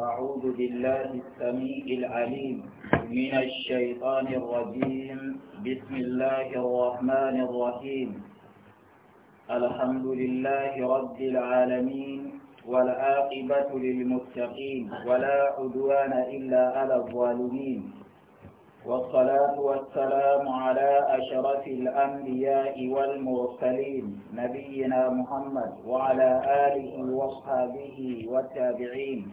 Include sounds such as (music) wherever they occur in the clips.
أعوذ بالله السميع العليم من الشيطان الرجيم بسم الله الرحمن الرحيم الحمد لله رب العالمين والعاقبة للمتقين ولا عدوان إلا على الظالمين والصلاة والسلام على أشرف الأنبياء والمرسلين نبينا محمد وعلى آله وصحبه والتابعين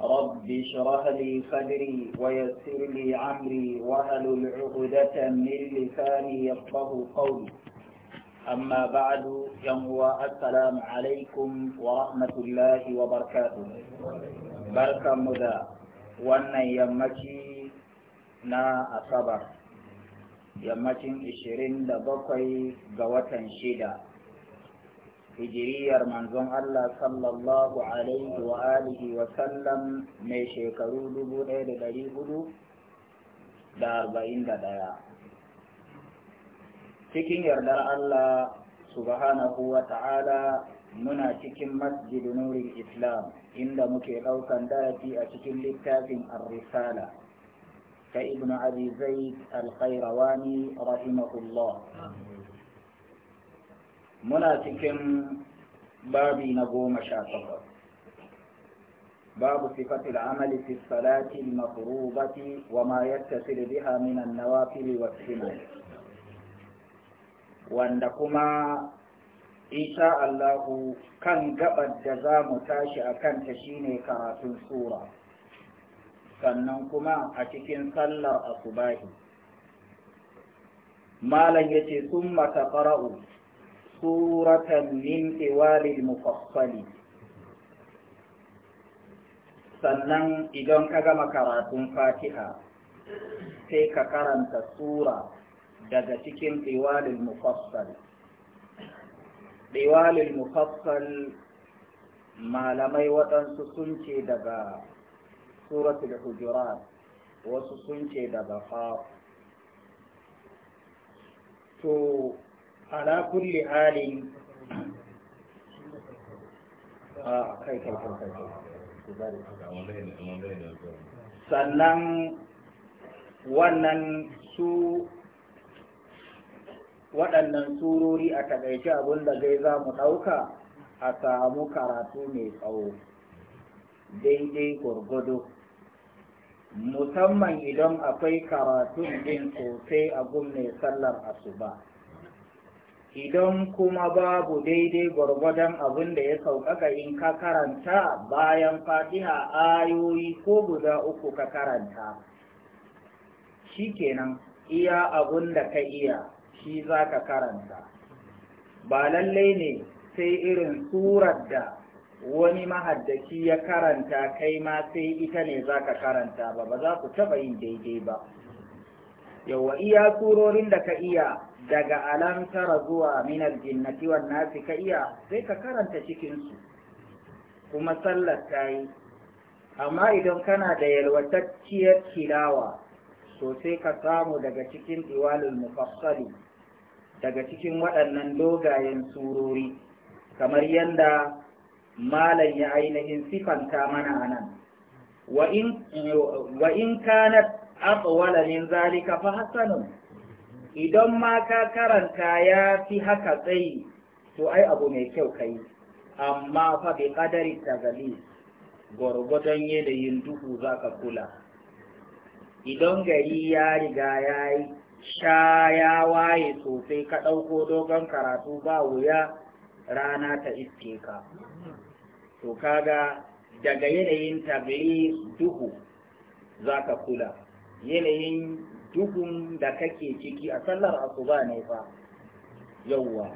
رب اشرح لي صدري ويسر لي عمري واهلل عقدة من لساني يفقه قولي أما بعد يمو السلام عليكم ورحمة الله وبركاته بركة مدى wannan yammaci na asabar yammacin 27 ga watan shida hijiriyar manzon Allah sallallahu alaihi wa alihi wa sallam mai shekaru dubu ɗaya da ɗari hudu da arba'in da ɗaya cikin yardar Allah subhanahu wa ta'ala muna cikin masjid nurin islam inda muke ɗaukan darasi a cikin littafin ar-risala ta ibnu abi zaid al-khairawani rahimahullah muna cikin babi na goma sha takwas babu sifatul amali fi salati al wa ma yattasil biha min an-nawafil wa sunan wanda kuma isa Allahu kan gabar da za mu tashi a kanta shine karatun sura sannan kuma a cikin sallar asubahi malam yace summa farau. سورة من طوال المفصل sannan idan ka gama karatun fatiha sai ka karanta sura daga cikin tsiwalil mufassal tsiwalil mufassal malamai waɗansu sun ce daga suratul hujurat wasu sun ce daga fa to ala kulli halin a ah, kai sannan wannan su waɗannan surori a takaice abin da zai za mu ɗauka a samu karatu mai tsawo daidai gwargwado musamman idan akwai karatun din sosai a gumne sallar asuba idan kuma babu daidai gwargwadon abin da ya sauƙaƙa in ka karanta bayan fatiha ayoyi ko guda uku ka karanta shi kenan iya abin da ka iya shi za ka karanta ba lallai ne sai irin surar da wani mahaddaci ya karanta kai ma sai ita ne za ka karanta ba ba za ku taɓa yin daidai ba yawa iya surorin da ka iya daga alam tara zuwa minal jinnati wan nasi ka iya sai ka karanta cikinsu kuma sallar ta yi amma idan kana da yalwatacciyar kilawa to sai ka samu daga cikin iwalul mufassali daga cikin waɗannan dogayen surori kamar yadda malam ya ainihin sifanta mana a nan wa in kanat aqwala min zalika fa hasanun idan ma ka karanta ya fi haka tsayi to ai abu mai kyau kai amma fa bi qadari tagali yanayin duhu za ka kula idan gari ya riga ya yi sha ya waye sosai ka ɗauko dogon karatu ba wuya rana ta iske ka to kaga daga yanayin tabi duhu za ka kula yanayin duhun da kake ciki a sallar asuba ne fa yawwa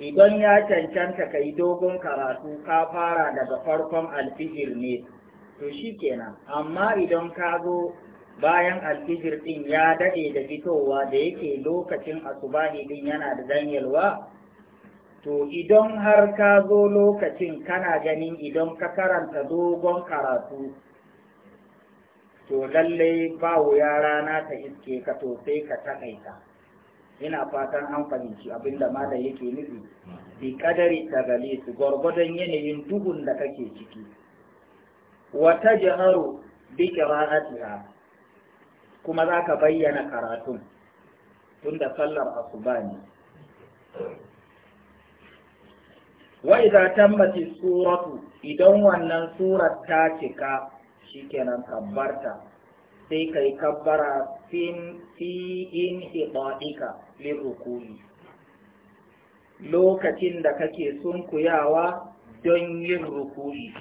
idan ya cancanta ka yi dogon karatu ka fara daga farkon alfijir ne to shi kenan amma idan ka zo bayan alfijir din ya daɗe da fitowa da yake lokacin asuba ne din yana da ganyalwa? to idan har ka zo lokacin kana ganin idan ka karanta dogon karatu to lallai ba wuya rana ta iske ka to sai ka takaita ina fatan an fahimci abin da yake nufi bi kadari tagali su gwargwadon yanayin duhun da kake ciki wata jiharu bi qira'atiha kuma za ka bayyana karatun tunda sallar asuba ne wa idza tammat suratu idan wannan surar ta cika shikenan kabbarta sai kai kabbara fin fi in hidaika rukuni. lokacin da kake sunkuyawa don yin rukuni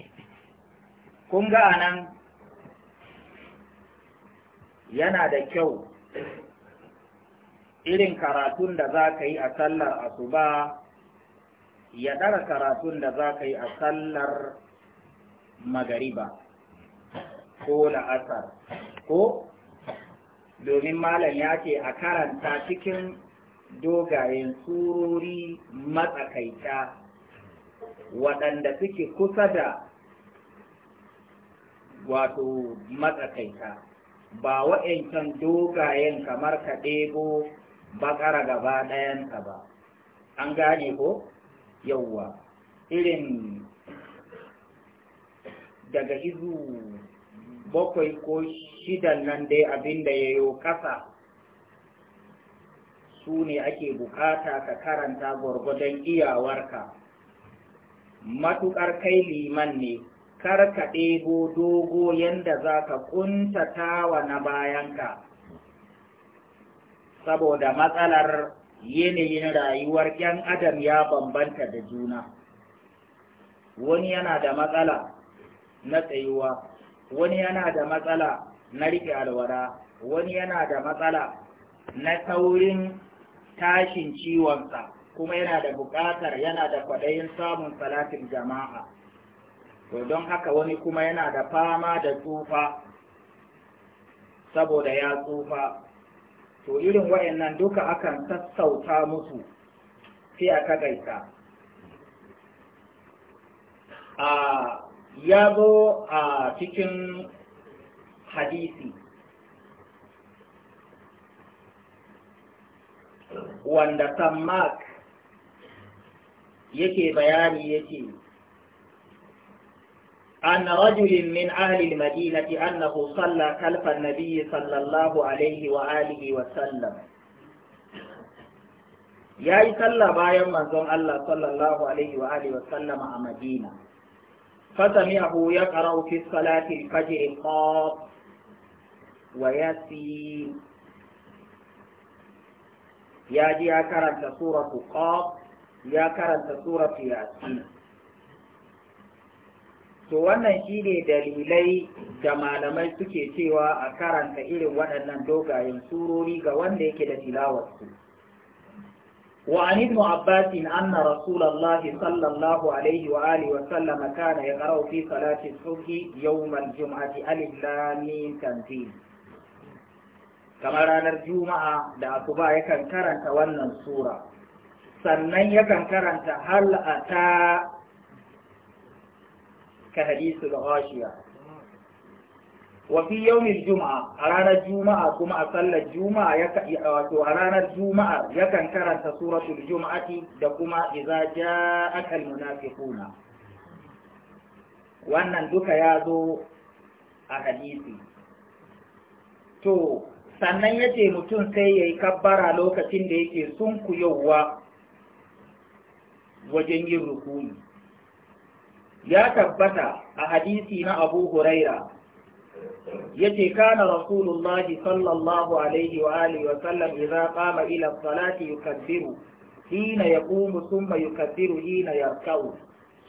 kun ga anan yana da kyau irin karatun da za ka yi a sallar asuba ya ɗara karatun da za ka yi a sallar magariba ko la'asar ko domin malam ya ce a karanta cikin dogayen surori matsakaita waɗanda suke kusa da wato matsakaita ba wa'yancan dogayen kamar ka ɗebo bakara gaba ɗayanka ba an gane ko yauwa irin daga izu bakwai ko shidan nan dai abin da ya yi kasa su ne ake bukata ka karanta gwargwadon iyawarka matuƙar kai liman ne karka ka ɗebo dogo yadda za ka ƙuntatawa na bayanka saboda matsalar yanayin rayuwar 'yan adam ya bambanta da juna wani yana da matsala na tsayuwa wani yana da matsala na riƙe alwara, wani yana da matsala na taurin tashin ciwonsa kuma yana da buƙatar yana da kwaɗayin samun salatin jama'a to don haka wani kuma yana da fama da tsufa saboda ya tsufa to irin wayannan duka akan sassauta musu sai aka kagaita a ya zo a cikin hadisi wanda sammak yake bayani yake أن رجل من أهل المدينة أنه صلى خلف النبي صلى الله عليه وآله وسلم يا صلى بايا منزون الله صلى الله عليه وآله وسلم على مدينة فسمعه يقرأ في الصلاة الفجر waya si ya ji ya karanta suratu qaf ya karanta suratu yasin to wannan shi ne dalilai da malamai suke cewa a karanta irin waɗannan dogayen surori ga wanda yake da tilawarsu وعن ابن عباس أن رسول الله صلى الله عليه وآله وسلم كان يقرأ في صلاة الصبح يوم الجمعة ألف لامين تنزيل كما رانا الجمعة دا أصبع يكن كرنت ون السورة سنن يكن كرنت هل أتى كحديث الغاشية wa fi juma'a a ranar juma'a kuma a sallar juma'a ya wato a ranar juma'a yakan karanta suratul juma'ati da kuma idza ja'aka almunafiquna wannan duka ya zo a hadisi to sannan yace mutum sai yayi kabbara lokacin da yake sun sunkuyowa wajen yin rukuni ya tabbata a hadisi na Abu Huraira yace كان رسول الله صلى الله عليه وآله وسلم إذا قام إلى الصلاة يكبر حين يقوم ثم يكبر حين yarka'u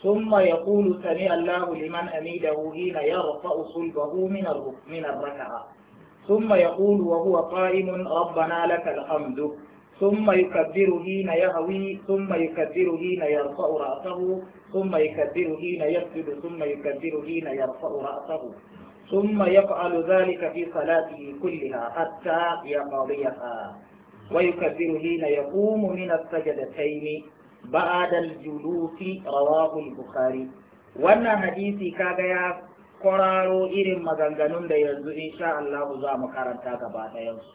ثم يقول سمع الله لمن أميده حين يرفع صلبه من من الركعة ثم يقول وهو قائم ربنا لك الحمد ثم يكبر حين يهوي ثم يكبر حين يرفع رأسه ثم يكبر حين يسجد ثم يكبر حين يرفع رأسه summa ya ثم يفعل ذلك في صلاته كلها حتى يقضيها ويكبر حين يقوم من السجدتين بعد الجلوس رواه البخاري wannan hadisi kaga ya kwararo irin maganganun da yanzu insha Allah za mu karanta gaba ɗayansu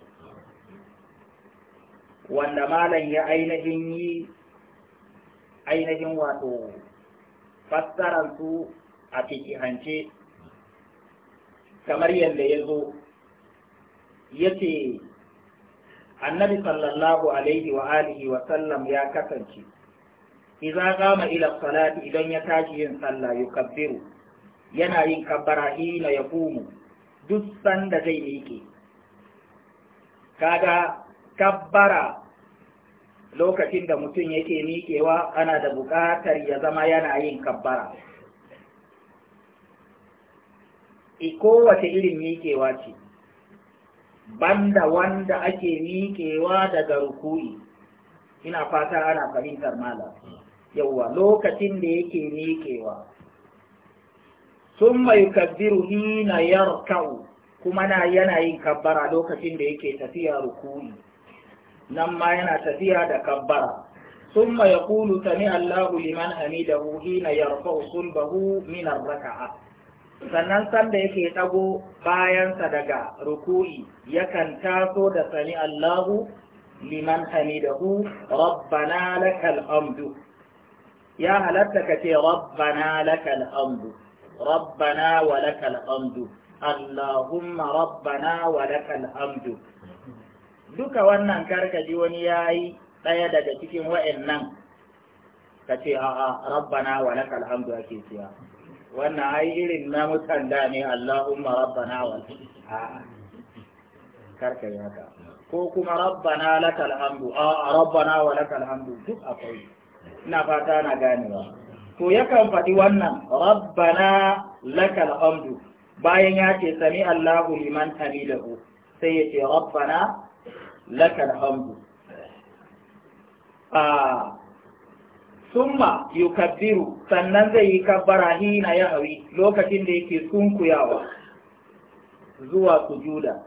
wanda malam ya ainihin yi ainihin wato fassararsu a fikihance kamar yadda ya zo ya ce annabi sallallahu alaihi wa alihi wa sallam ya kasance Iza kama ila salati idan ya tashi yin sallah kabbiru. yana yin kabbara hina ya kumu duk sanda zai miƙe kaga kabbara lokacin da mutum yake miƙewa ana da buƙatar ya zama yana yin kabbara kowace irin miƙewa ce banda wanda ake miƙewa daga ruku'i ina fata ana fahimtar mala. Yauwa lokacin da yake miƙewa mai Kabiru hina yarka'u kuma na yana yin kabbara lokacin da yake tafiya ruku'i nan ma yana tafiya da kabbara summa yaqulu sami Allahu liman hamidahu hina yarfa'u sulbahu min ar-raka'a sannan sanda yake ɗago bayansa daga ruku'i yakan taso da sani Allahu liman hamidahu rabbana lakal hamdu ya halatta ka ce rabbana lakal hamdu rabbana wa lakal hamdu Allahumma rabbana wa lakal hamdu duka wannan karkaji wani yayi ɗaya daga cikin wa'annan ka ce a'a rabbana wa lakal hamdu ake cewa wannan ai irin na mutan ne Allahumma rabbana wal a'a karka yi haka ko kuma rabbana lakal hamdu a rabbana wa lakal hamdu duk akwai ina fata na ganewa to yakan faɗi wannan rabbana lakal hamdu bayan ya ce sami Allahu liman hamidahu sai ya ce rabbana lakal hamdu a summa yukabbiru sannan zai yi kabbara hina ya hawi lokacin da yake sunkuyawa zuwa sujuda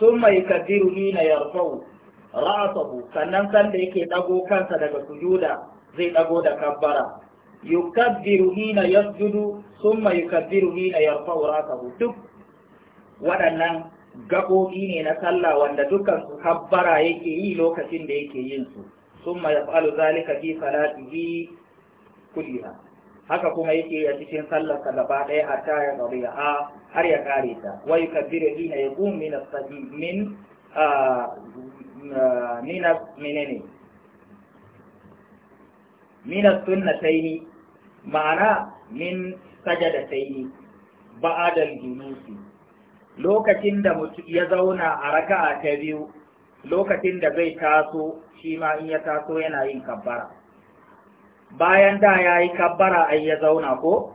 summa yukabbiru hina rufau ra'asahu sannan sanda yake ɗago kansa daga sujuda zai ɗago da kabbara yukabbiru hina yasjudu summa yukabbiru hina rufau ra'asahu duk waɗannan gaɓoɓi ne na sallah wanda dukansu kabbara yake yi lokacin da yake yin su ثم يفعل ذلك في صلاته كلها haka kuma yake a cikin sallarsa gaba ɗaya a taya rabi'a har ya kare ta wa yukabbiru hina yaqum min as-sadi min ah, ah, min menene min as-sunnataini ma'ana min sajadataini ba'da al-junusi lokacin da mutum ya zauna a raka'a ta biyu lokacin da zai taso shi ma in ya taso yana yin kabbara bayan da ya yi kabbara ai ya zauna ko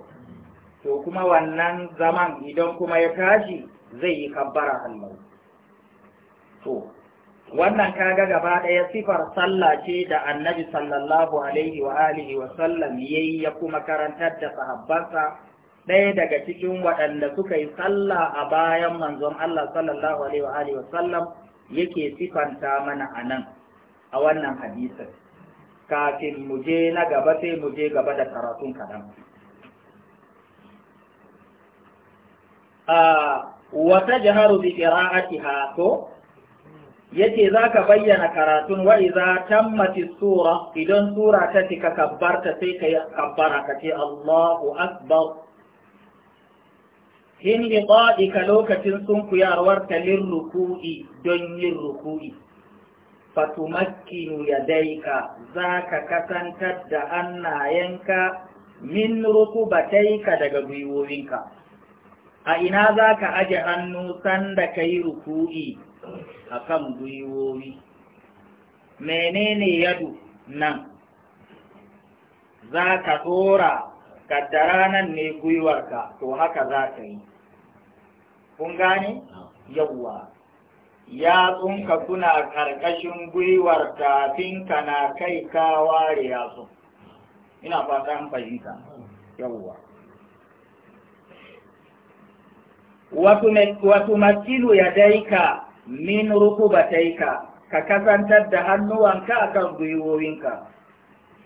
to kuma wannan zaman idan kuma ya tashi zai yi kabbara Allah to wannan kaga gaba ɗaya sifar sallah ce da annabi sallallahu alaihi wa alihi wa sallam yayi ya kuma karantar da sahabbansa ɗaya daga cikin waɗanda suka yi sallah a bayan manzon Allah sallallahu alaihi wa alihi wa sallam yake sifanta mana a nan a wannan hadisin kafin mu je na gaba sai mu je gaba da karatun kaɗan. wata jiharu bi qira'atiha to yace zaka bayyana karatun wa idza tammati sura idan sura ta tika kabbarta sai kai kabbara kace Allahu akbar hindi ka lokacin talin ruku'i don yin ruku'i ya daika za ka kasantar da hannayenka min taika daga gwiwowinka a ina za ka aje hannu sanda ka yi ruku'i a kan gwiwowi menene yadu nan za ka tsora kaddara nan ne gwiwarka to haka za ka yi kun gane yawwa yatsunka kuna karkashin gwiwar tafin ka na kai ka ware yatsun ina fata an fahimta yawwa wasu makilu ya daika min rukubataika ka kasantar da hannuwanka akan gwiwowinka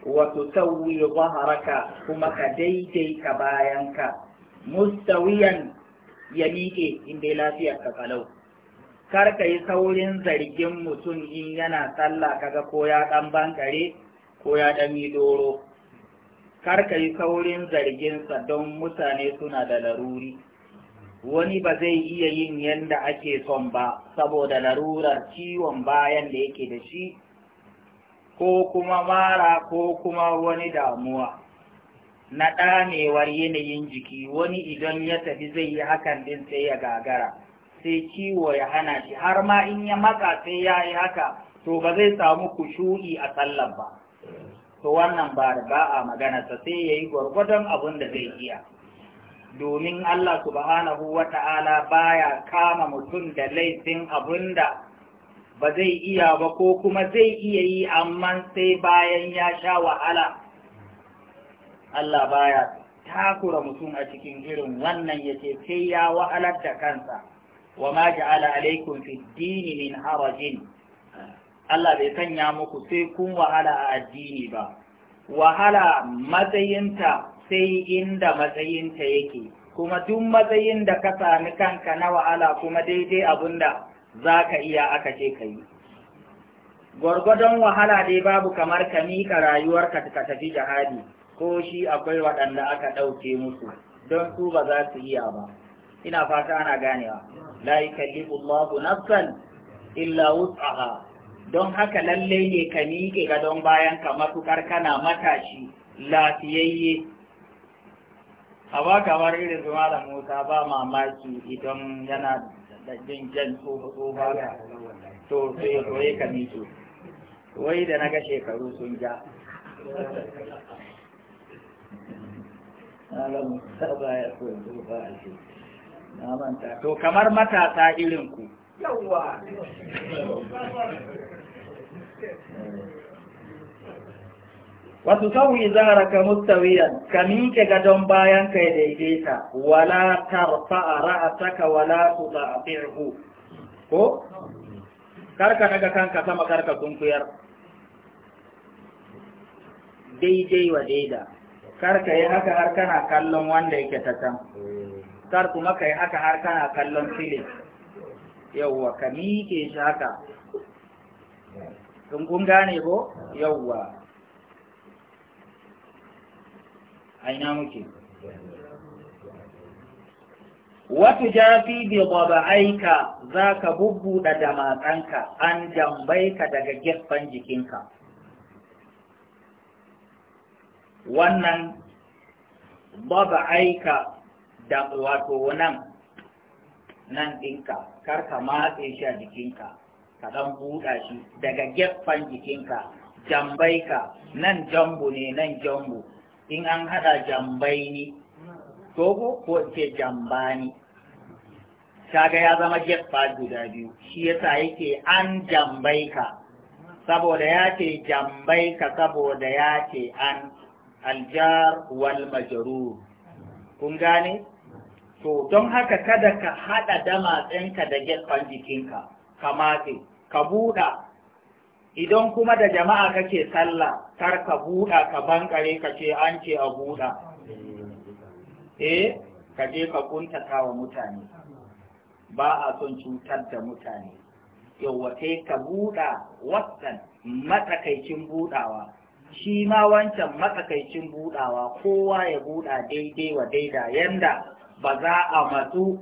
wato sauyi haraka kuma ka daidai ka bayan ka. mustawiyan ya miƙe inda lafiyar ka kalau kar ka yi saurin zargin mutum in yana sallah kaga ko ya ɗan bankare ko ya ɗan yi doro kar ka yi saurin zarginsa don mutane suna da laruri wani ba zai iya yin yadda ake son ba saboda larurar ciwon bayan da yake da shi ko kuma mara ko kuma wani damuwa na ɗanewar yanayin jiki wani idan ya tafi zai yi hakan din sai ya gagara sai ciwo ya hana shi har ma in ya maka sai ya yi haka to ba zai samu kushu'i a sallar ba to wannan ba da ba a maganarsa sai ya yi gwargwadon abin da zai iya domin Allah subhanahu wa ta'ala baya kama mutum da laifin abin da ba zai iya ba ko kuma zai iya yi amma sai bayan ya sha wahala Allah baya takura mutum a cikin irin wannan yace sai ya wahalar da kansa wa ma ja'ala alaikum fi dini min harajin Allah bai sanya muku sai kun wahala a addini ba wahala matsayinta sai inda matsayinta yake kuma duk matsayin da ka sami kanka na wahala kuma daidai abinda za ka iya aka ce ka yi gwargwadon wahala dai babu kamar ka miƙa rayuwarka ka tafi jihadi ko shi akwai waɗanda aka ɗauke musu don su ba za su iya ba ina fata ana ganewa la yukallifu Allahu nafsan illa wus'aha don haka lallai ne ka miƙe ga don bayan ka matukar kana matashi lafiyayye a ba kamar irin zuma da Musa ba mamaki idan yana da jin jan tsofa ga to sai ya zoye ka mito wai da na ga shekaru sun ja Na to kamar matasa irin ku yawa wasu sauyi ka mustawiyan ka miƙe gadon bayan ka daidaita wala tarfa a ra'ataka wala su ta'afirhu ko karka daga kanka sama karka sunkuyar daidai wa daida karka yi haka har kana kallon wanda yake ta can kar kuma ka yi haka har kana kallon filin yauwa ka miƙe shi haka kun gane ko yauwa aina muke wata jafi bi aika za ka bubbuɗa da matsanka an jambai ka daga gefen jikinka wannan aika da wato nan nan ɗinka karka matse shi a jikinka ka ɗan buɗa shi daga gefen jikinka jambai ka nan jambu ne nan jambu in an haɗa ne, togo ko ce jambani kaga ya zama jefa guda biyu shi yasa yake an ka? saboda ya ce ka saboda ya ce an aljar wal majarur kun gane to don haka kada ka haɗa damatsinka da gefen jikinka ka matse ka buɗa idan kuma da jama'a kake sallah kar ka buɗa ka bankare ka ce an ce a buɗa eh ka je ka kuntata wa mutane ba a son cutar da mutane yawwa sai ka buɗa wasan matsakaicin buɗawa shi ma wancan matsakaicin buɗawa kowa ya buɗa daidai wa daida yanda ba za a matsu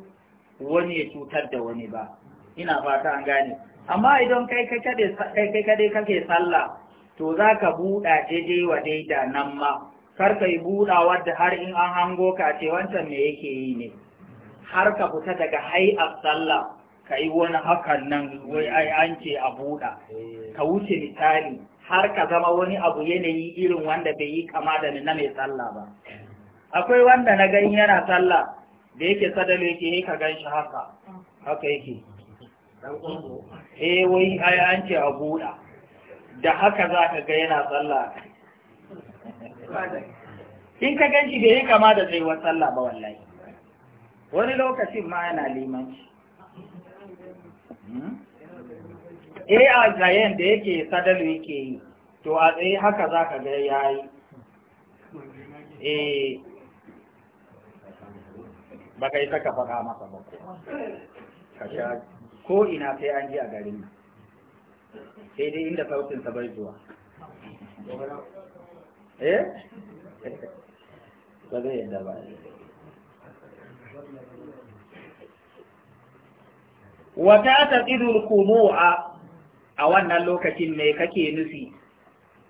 wani ya cutar da wani ba ina fata an gane amma idan kai kai kade kake sallah to za ka buɗa daidai wa daida nan ma kar ka yi buɗa wadda har in an hango ka ce wancan me yake yi ne har ka fita daga hai'ar sallah ka yi wani hakan nan wai ai an ce a buɗa eh. ka wuce misali har ka zama wani abu yanayi irin wanda bai yi kama da na mai sallah ba akwai wanda na gani yana sallah da yake sadalo yake ka gan shi haka haka yake eh wai ai an ce a buɗa da haka za ka ga yana tsalla in ka ganci bai yi kama da zai wa tsalla ba wallahi wani lokacin ma yana limanci hmm? eh a zayen da yake sadalu yake yi to a tsaye haka za ka ga ya yi eh ba ka yi saka faɗa masa ba ka sha ko ina sai an ji a garin nan sai dai inda sautinsa bai zuwa eh ba zai yadda ba wata ta idul kumu'a a wannan lokacin ne kake nufi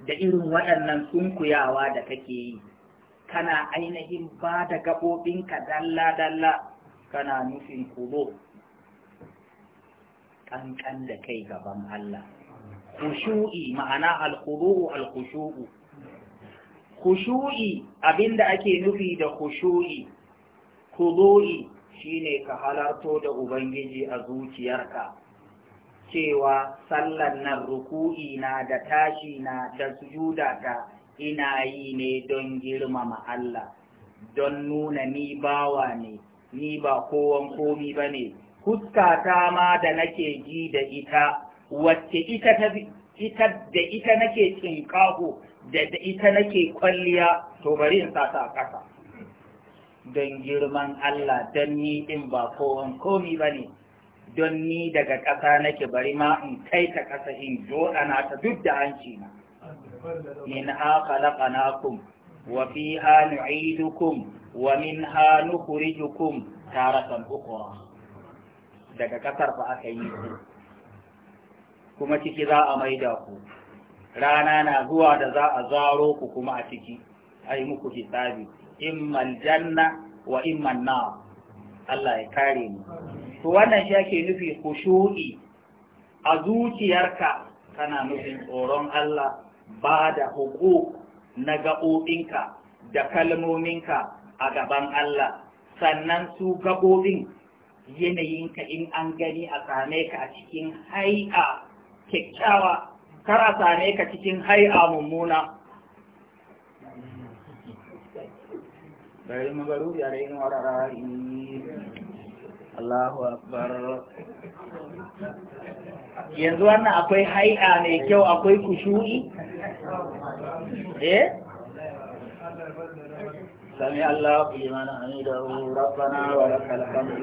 da irin waɗannan sunkuyawa da kake yi kana ainihin ba da gaɓoɓinka dalla-dalla kana nufin kumo kankan da kai gaban Allah khushu'i ma'ana al-khudu'u al-khushu'u khushu'i abinda ake nufi da khushu'i shi shine ka halarto da ubangiji a zuciyarka cewa sallar nan ruku'i na da tashi na da su ina yi ne don girmama Allah don nuna ni bawa ne ni ba kowan komi ba ne. fuskata ma da nake ji da ita wacce ita ta ita da ita nake tsinkaho da da ita nake kwalliya to bari in sa ta ƙasa don girman Allah don ni din ba kowan komi ba ne don ni daga ƙasa nake bari ma in kai ta ƙasa in joɗana ta duk da hanci na min ha khalaqnakum wa fiha nu'idukum wa minha nukhrijukum taratan ukhra daga ƙasar fa aka yi su kuma ciki za a maida ku rana na zuwa da za a zaro ku kuma a ciki a yi muku hisabi imman janna wa imman na Allah ya kare mu to wannan shi ake nufi khushu'i a zuciyarka kana nufin tsoron Allah ba da hukuk na gaɓoɓinka da kalmominka a gaban Allah sannan su gaɓoɓin yanayinka in an gani a same ka a cikin hai'a kyakkyawa kar a same ka cikin hai'a mummuna Allahu akbar yanzu wannan akwai hai'a mai kyau akwai kushu'i eh سمع الله لمن حمده ربنا ولك الحمد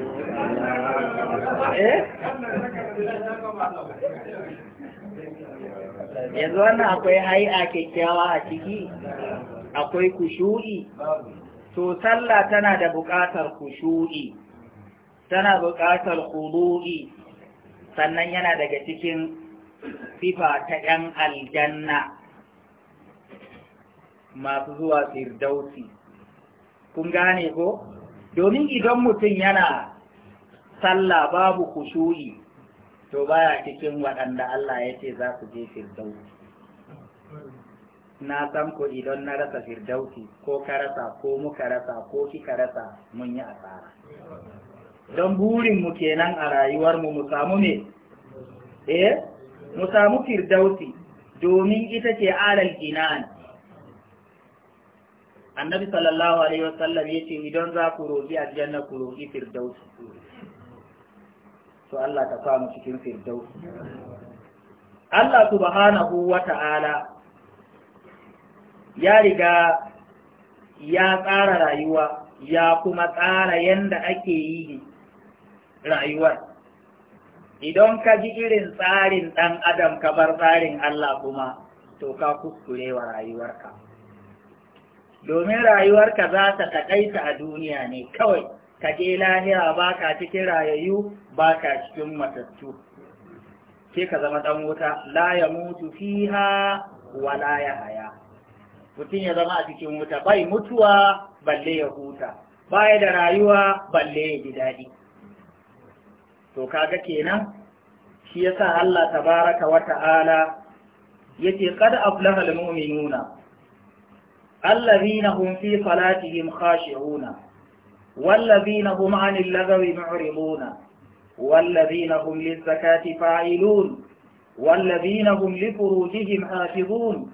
yanzu wannan akwai hai'a kyakkyawa a ciki akwai kushu'i to sallah tana da buƙatar kushu'i tana buƙatar hudu'i sannan yana daga cikin sifa ta 'yan aljanna masu zuwa firdausi kun gane ko domin idan mutum yana sallah babu kushu'i to baya cikin waɗanda Allah ya ce za su je firdausi na san ku idan na rasa firdausi ko ka rasa ko muka rasa ko kika rasa mun yi asara don burinmu kenan a rayuwarmu mu samu ne eh mu samu firdausi domin ita ce alal ginan annabi sallallahu alaihi wasallam ya idan za ku roƙi aljanna ku roƙi firdaus to Allah ta samu cikin firdaus Allah subhanahu wa ta'ala ya riga ya tsara rayuwa ya kuma tsara yanda ake yi rayuwar idan ka ji irin tsarin ɗan adam ka bar tsarin Allah kuma to ka kuskure wa rayuwarka domin rayuwarka za ta taƙaita a duniya ne kawai ka je lahira ba ka cikin rayayyu ba ka cikin matattu Ke ka zama ɗan wuta la ya mutu fiha wa la ya haya mutum ya zama a cikin wuta bai mutuwa balle ya huta baya da rayuwa balle ya ji daɗi to kaga kenan shi yasa Allah tabaraka wa ta'ala yace qad aflaha al nuna. الذين هم في صلاتهم خاشعون والذين هم عن اللغو معرضون والذين هم للزكاة فاعلون والذين هم لفروجهم حافظون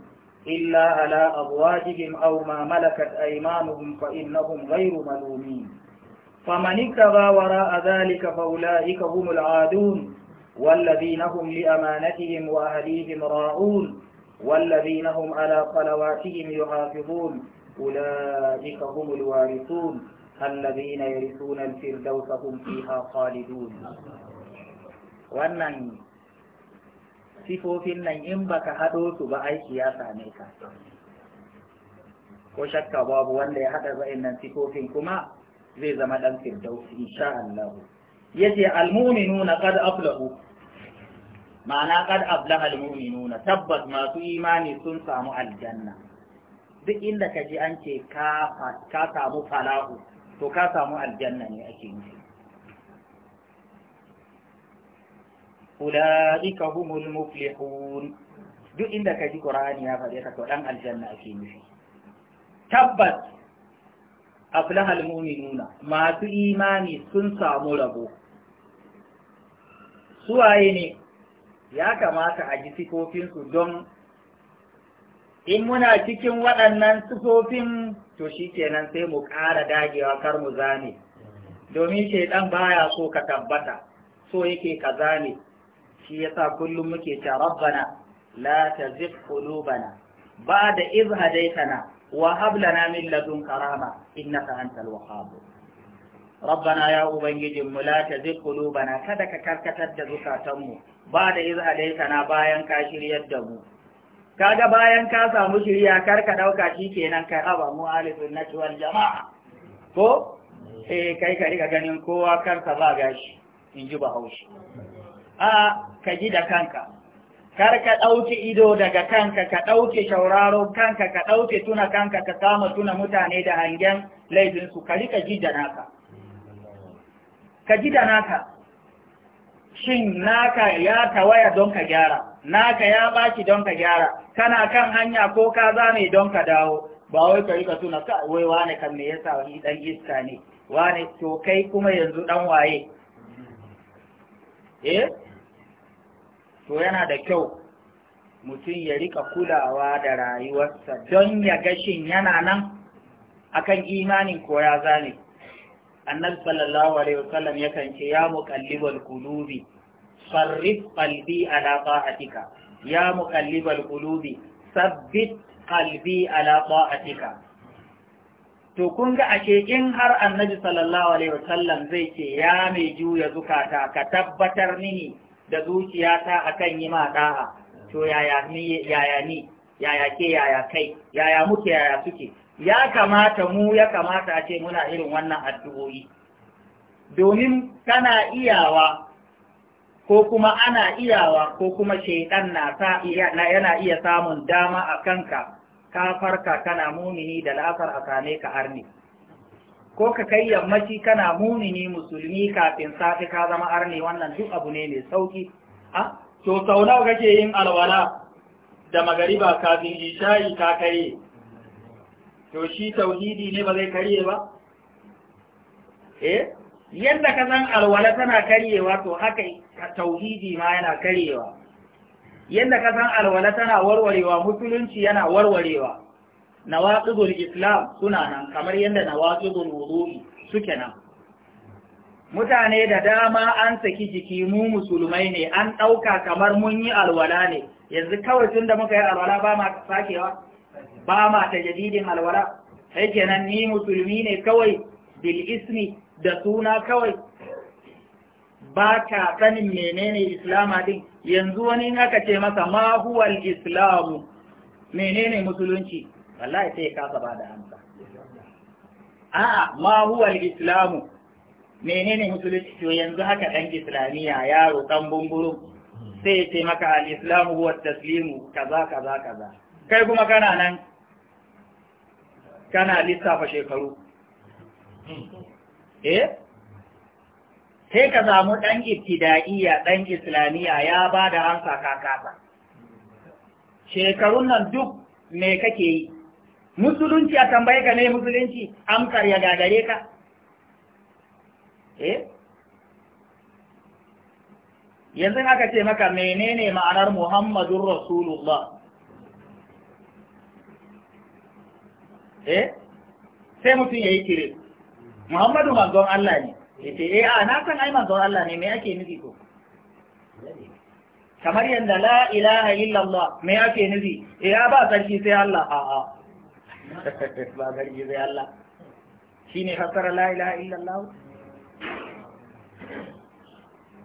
إلا على أزواجهم أو ما ملكت أيمانهم فإنهم غير ملومين فمن ابتغى وراء ذلك فأولئك هم العادون والذين هم لأمانتهم وأهليهم راعون والذين هم على صلواتهم يحافظون أولئك هم الوارثون الذين يرثون الفردوس هم فيها خالدون wannan sifofin nan in baka haɗo su ba aiki ya same ka ko shakka babu wanda ya haɗa wa'annan sifofin kuma zai zama ɗan firdausi insha Allah yace almu'minuna qad aflahu ma'ana kad al mu'minuna tabbas masu imani sun samu aljanna duk inda ka ji an ce ka samu fala'u to ka samu aljanna ne ake nufi ula'ika humul muflihun duk inda ka ji qur'ani ya faɗe ka to dan aljanna ake nufi tabbas al mu'minuna masu imani sun samu rabo suwaye ne ya kamata a ji sifofinsu don in muna cikin waɗannan sifofin to shi kenan sai mu ƙara dagewa kar mu zane domin shaidan baya so ka tabbata so yake ka zane shi yasa kullum muke ta rabbana la tazigh qulubana ba da izhadaitana wa hab lana min ladunka rahma innaka antal wahhab rabbana ya ubangijin mu la kada ka karkatar da zukatanmu ba da iz hadaitana bayan ka shiryar da mu kaga bayan ka samu shirya kar ka shi kenan kai aba mu ahli na wal jamaa ko eh kai ka riga ganin kowa kansa ba gashi ji bahaushe a ka ji da kanka kar ka ɗauki ido daga kanka ka ɗauke shauraro kanka ka ɗauke tuna kanka ka kama tuna mutane da hangen laifinsu, ka rika ji da naka ka ji da naka shin naka ya tawaya don ka gyara naka ya baki don ka gyara kana kan hanya ko ka zane don ka dawo ba wai ka rika tuna ka wai wane kan me yasa wani dan iska ne wane to kai kuma yanzu ɗan waye eh to yana da kyau mutum ya rika kulawa da rayuwarsa don ya gashin yana nan akan imanin ko ya zane annabi sallallahu alaihi wasallam yakan ce ya muqallibal qulubi sarrif qalbi ala ta'atika ya muqallibal qulubi sabbit qalbi ala ta'atika to kun ga ake in har annabi sallallahu alaihi wasallam zai ce ya mai juya zukata ka tabbatar mini da zuciyata akan yi ma da'a to yaya ni yaya ni yaya ke yaya kai yaya muke yaya suke ya kamata mu ya kamata a ce muna irin wannan addu'o'i domin kana iyawa ko kuma ana iyawa ko kuma shaidan na yana iya samun dama a kanka ka farka kana munini da la'asar a same ka arni ko ka kai yammaci kana munini musulmi kafin safi ka zama arni wannan duk abu ne mai sauki a to sau nawa kake yin alwala da magariba kafin isha'i ka kai to shi tauhidi ne ba zai karye ba eh yadda ka san alwala tana karyewa to haka tauhidi ma yana karyewa yadda ka san alwala tana warwarewa musulunci yana warwarewa nawaqidul islam suna nan kamar yadda nawaqidul wudu'i suke nan mutane da dama an saki jiki mu musulmai ne an ɗauka kamar mun yi alwala ne yanzu kawai tun da muka yi alwala ba ma sakewa ba ma ta jadidin alwara sai kenan ni musulmi ne kawai bil ismi da suna kawai ba ka sanin menene islama din yanzu wani in aka ce masa ma huwal islamu menene musulunci wallahi sai ka saba da amsa a'a ma huwal islamu menene musulunci to yanzu haka dan islamiya yaro dan bumburu sai ya ce maka al islamu huwa taslimu kaza kaza kaza kai kuma kana nan kana lissafa shekaru eh sai ka samu ɗan ibtida'iyya ɗan islamiyya ya ba da ransa kakasa shekarun nan duk me kake yi musulunci a tambaye ka ne musulunci amsar ya gagare ka eh yanzu aka ce maka menene ma'anar muhammadun rasulullah eh sai mutum ya yi kire muhammadu manzon Allah ne ya ce eh a na san ai manzon Allah ne me ake nufi ko kamar yadda la ilaha illallah me ake nufi eh ba sarki sai Allah a a (laughs) ba sarki sai Allah shine fassara la ilaha illallah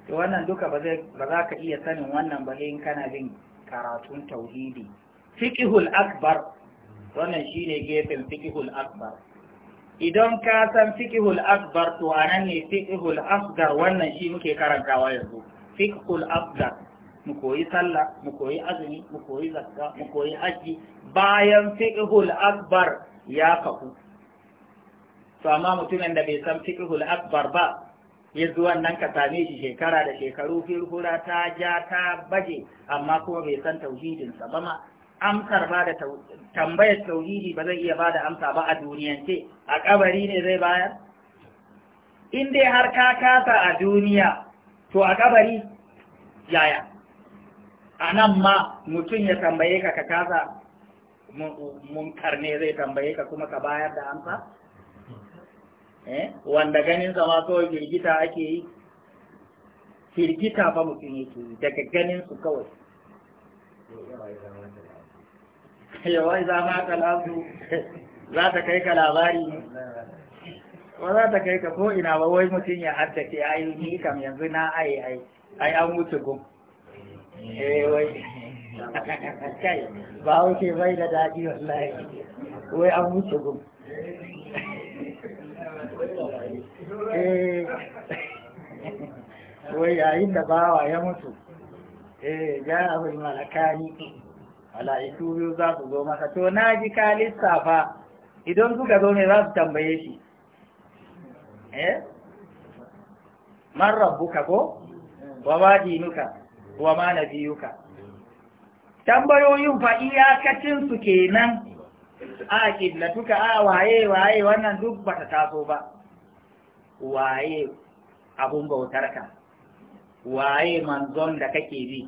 to wannan duka ba zai ba za ka iya sanin wannan ba in kana bin karatun tauhidi fiqhul akbar wannan shine gefen fikihul akbar idan ka san fikihul akbar to anan ne fikihul asgar wannan shi muke karantawa yanzu fikihul asgar mu koyi sallah mu koyi azumi mu koyi zakka mu koyi haji bayan fikihul akbar ya kafu to amma mutumin da bai san fikihul akbar ba ya zuwa wannan ka same shi shekara da shekaru firfura ta ja ta baje amma kuma bai san tauhidinsa ba ma amsar ba da tambayar tauhidi ba zai iya ba da amsa ba a duniyance a kabari ne zai bayar in dai har ka kasa a duniya to a kabari yaya a nan ma mutum ya tambaye ka ka kasa munkar ne zai tambaye ka kuma ka bayar da amsa eh? wanda ganin zama so girgita ake yi girgita ba mutum yake daga ganin su kawai yawai za ma ka lafu za ta kai ka labari ne ba za ta kai ka ko ina ba wai mutum ya ke, ayi ni kam yanzu na ai ai ai an wuce gum eh wai (laughs) kai ba wuce bai da daɗi wallahi wai an wuce gum (laughs) eh (laughs) wai yayin da bawa ya mutu eh ja malaka ni mala'iku biyu za su zo masa to na ji ka lissafa idan suka zo ne za su tambaye shi eh man rabbuka ko wa ma dinuka wa ma nabiyuka tambayoyin fa iyakacin su kenan a kiblatuka a waye waye wannan duk bata taso ba waye abun bautarka waye manzon da kake bi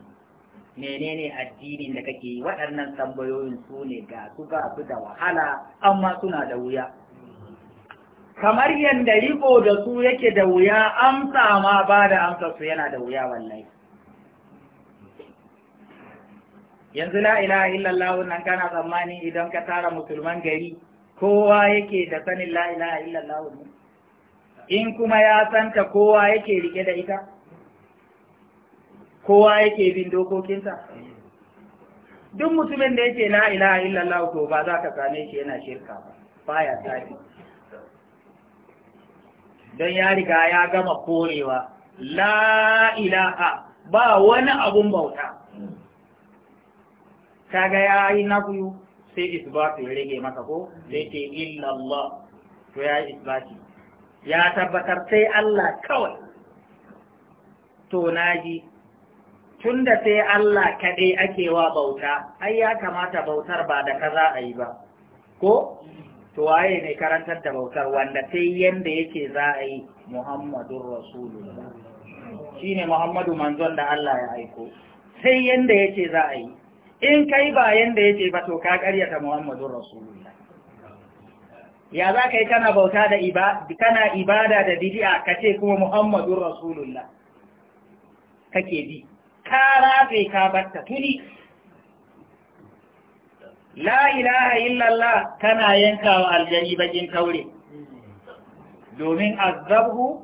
menene addinin da kake yi waɗannan tambayoyin su ne ga su ba su da wahala amma suna da wuya kamar yadda riko da su yake da wuya amsa ma ba da amsa su yana da wuya wallahi yanzu la ilaha illallah wannan kana tsammani idan ka tara musulman gari kowa yake da sanin la ilaha illallah in kuma ya santa kowa yake rike da ita kowa yake bin dokokinsa duk mutumin da yake la ilaha illallah to ba za ka same shi yana shirka ba baya tafi. don ya riga ya gama korewa La'ila A ba wani abun bauta ga ya yi na kuyu sai isbatu ya rage maka ko sai ce illallah to ya yi isbati ya tabbatar sai Allah kawai to ji. tun da sai Allah kaɗai ake wa bauta ai ya kamata bautar ba da kaza a yi ba ko to waye ne karantar da bautar wanda sai yanda yake za a yi Muhammadun Shi ne Muhammadu manzon da Allah ya aiko sai yanda yake za a yi in kai ba yanda yake ba to ka karyata Muhammadun Rasulu. ya za ka yi kana bauta da ibada kana ibada da bid'a kace kuma Muhammadun Rasulullah kake bi kara rabe ka batta tuni la ilaha illallah kana wa aljani bakin kaure, domin azabhu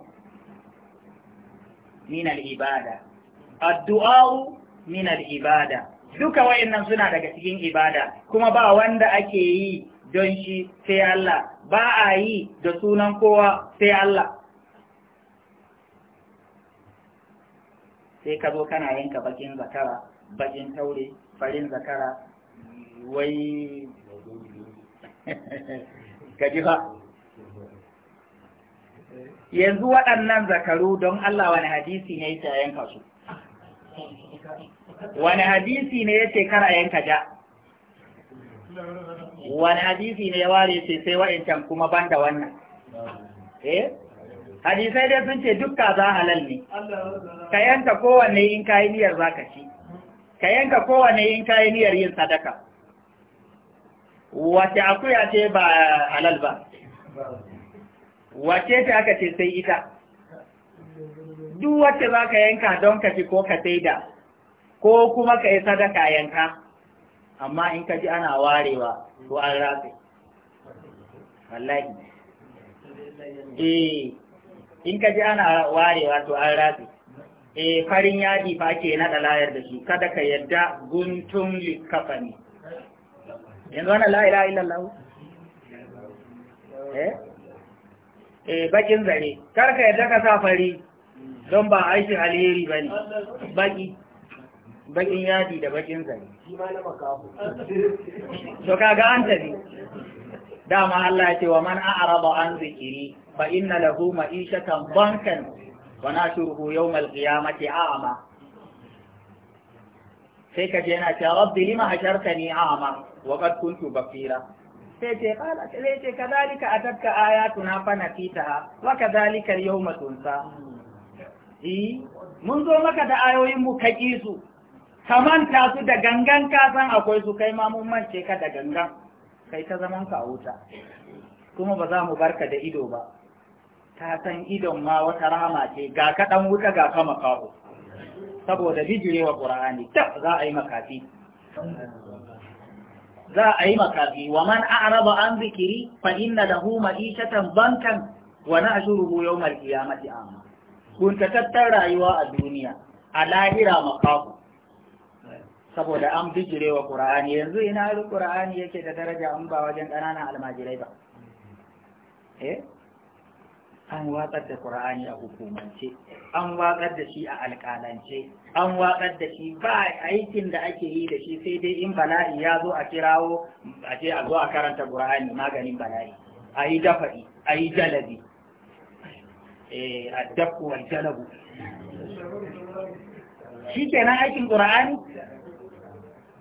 min al’ibada, ibada addu'a min al’ibada. duka wayannan suna daga cikin ibada kuma ba wanda ake yi don shi sai Allah ba a yi da sunan kowa sai Allah sai ka zo kana yanka bakin zakara bakin taure farin zakara wai gaji (laughs) ba yanzu waɗannan zakaru don Allah wani hadisi ne yake yanka su wani hadisi ne yake kara yanka ja wani hadisi ne ya ware sai sai wa'incan kuma ban da wannan eh hadisai dai sun ce dukka za halal ne ka yanka kowanne in kayi za ka ci ka yanka kowanne in kayi yin sadaka wace akuya ce ba halal ba wace ce aka ce sai ita duk wacce za ka yanka don ka ci ko ka saida ko kuma ka yi sadaka yanka amma in ka ji ana warewa to an ratse wallahi eh in ka ji ana warewa to an ratsi e eh, farin yadi fa ake naɗa layar da shi kada ka yadda guntun likafa ne yanzu wannan la ilaha illallah eh eh bakin zare kar ka yadda ka sa fari don ba aishi alheri ne. baki bakin yadi da bakin zare to kaga an tabi dama Allah ya ce wa man a'rada an zikiri fa inna lahu ma'ishatan bankan wa nashuruhu yawmal qiyamati a'ma sai ka je yana cewa rabbi lima hashartani a'ma wa qad kuntu basira sai ce kala sai ce kadalika atatka ayatuna fa nasita wa kadalika al-yawma tunsa eh mun zo maka da ayoyin mu ka su ka manta su da gangan ka san akwai su kai ma mun mance ka da gangan kai ta zaman ka a wuta kuma ba za mu barka da ido ba ta san idon ma wata rama ce ga kaɗan wuta ga kama kawo saboda bijirewa ƙura'ani ta za a yi makafi za a yi makafi wa man a'raba an zikiri fa inna lahu ma'ishatan bankan wa na'shuruhu yawmal qiyamati amma kun ta tattar rayuwa a duniya a lahira makafu saboda an bijire wa Qur'ani yanzu ina ru Qur'ani yake da daraja an ba wajen ƙananan almajirai ba eh an watsar da ƙur'ani a hukumance an watsar da shi a alƙalance an watsar da shi ba aikin da ake yi da shi sai dai in bala'i ya zo a kirawo a ce a zo a karanta ƙur'ani maganin bala'i a yi dafa'i a yi jalabi eh, a dafuwar jalabu shi kenan aikin ƙur'ani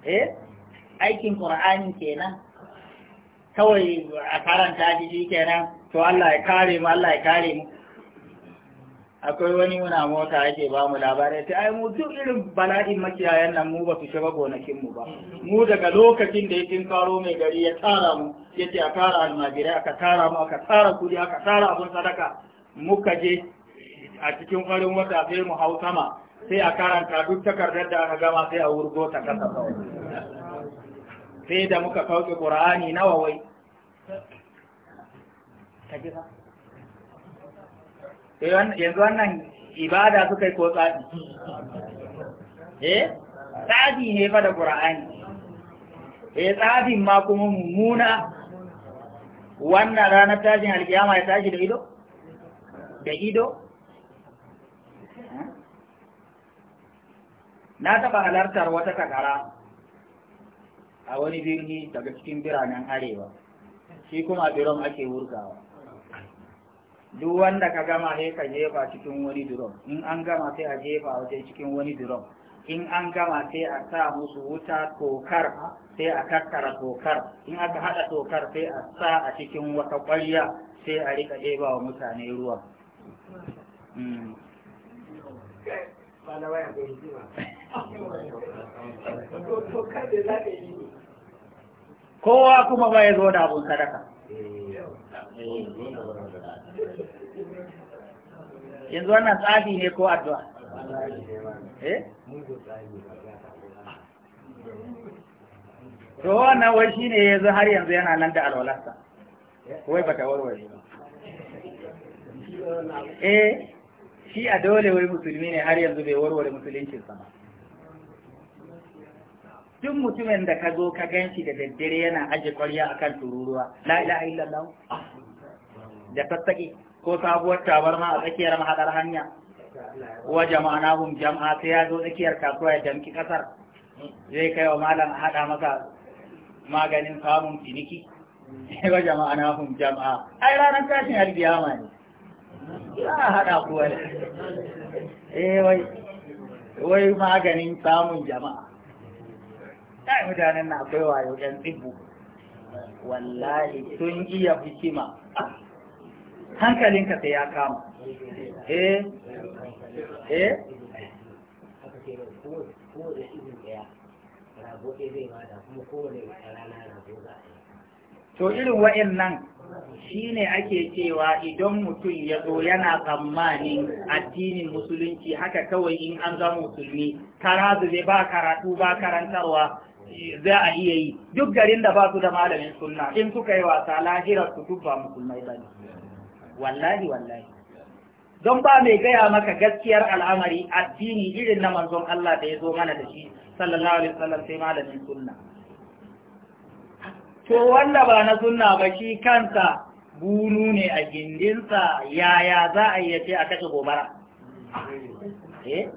eh aikin ƙur'ani kenan kawai a karanta shi kenan to Allah ya kare mu Allah ya kare mu akwai wani muna mota yake ba mu labarai ta ai mu duk irin bala'in makiyayan nan mu ba su shiga gonakin mu ba mu daga lokacin da yakin karo mai gari ya tara mu yace a tara almajirai aka tara mu aka tara kudi aka tara abun sadaka muka je a cikin farin wata sai mu hau sama sai a karanta duk takardar da aka gama sai a wurgo ta kasa sai da muka kauke qur'ani nawa wai Eh, yanzu wannan ibada suka yi ko tsadi eh tsadi ne fa da qur'ani eh tsadin ma kuma mummuna wannan ranar tashin alkiyama ya tashi da ido da ido eh? na taɓa halartar wata takara a wani birni daga cikin biranen arewa shi kuma birnin ake wurgawa duk wanda ka gama sai ka jefa cikin wani durom in an gama sai a jefa waje cikin wani durom in an gama sai a sa musu wuta tokar sai a kakkara tokar in aka haɗa tokar sai a sa a cikin wata ƙwarya sai a rika ɗeba wa mutane ruwa mm. kowa kuma bai zo da abun sadaka eh, yanzu wannan tsafi ne ko addu'a eh? to wannan wai ne yanzu har yanzu yana nan da alwalarsa wai ta warware ba eh shi a dole wai musulmi ne har yanzu bai warware musuluncin sama duk mutumin da ka zo ka gan shi da daddare yana aje kwarya akan tururuwa la ilaha illallah da tattaki ko sabuwar tabarma a tsakiyar mahadar hanya wa jama'anahum jama'a sai ya zo tsakiyar kasuwa ya damki kasar zai kai wa malam haɗa masa maganin samun ciniki wa jama'anahum jam'a ai ranar tashin alkiyama ne za a haɗa kuwa ne eh wai wai maganin samun jama'a ai mutanen na akwai wayo ɗan tsibbu wallahi sun iya hikima hankalinka sai ya kama eh, eh? to irin wa'in nan shi ne ake cewa idan mutum ya zo yana tsammanin addinin musulunci haka kawai in an zama musulmi karazu zai ba karatu ba karantarwa za a iya yi duk garin da ba su da malamin sunna in suka yi wasa lahirar su duk ba musulmai ba ne wallahi wallahi don ba mai gaya maka gaskiyar al'amari addini irin na manzon Allah da ya zo mana da shi sallallahu alaihi wasallam sai malamin sunna to wanda ba na sunna ba shi kansa bunu ne a gindinsa yaya za a yi ce a kashe gobara eh?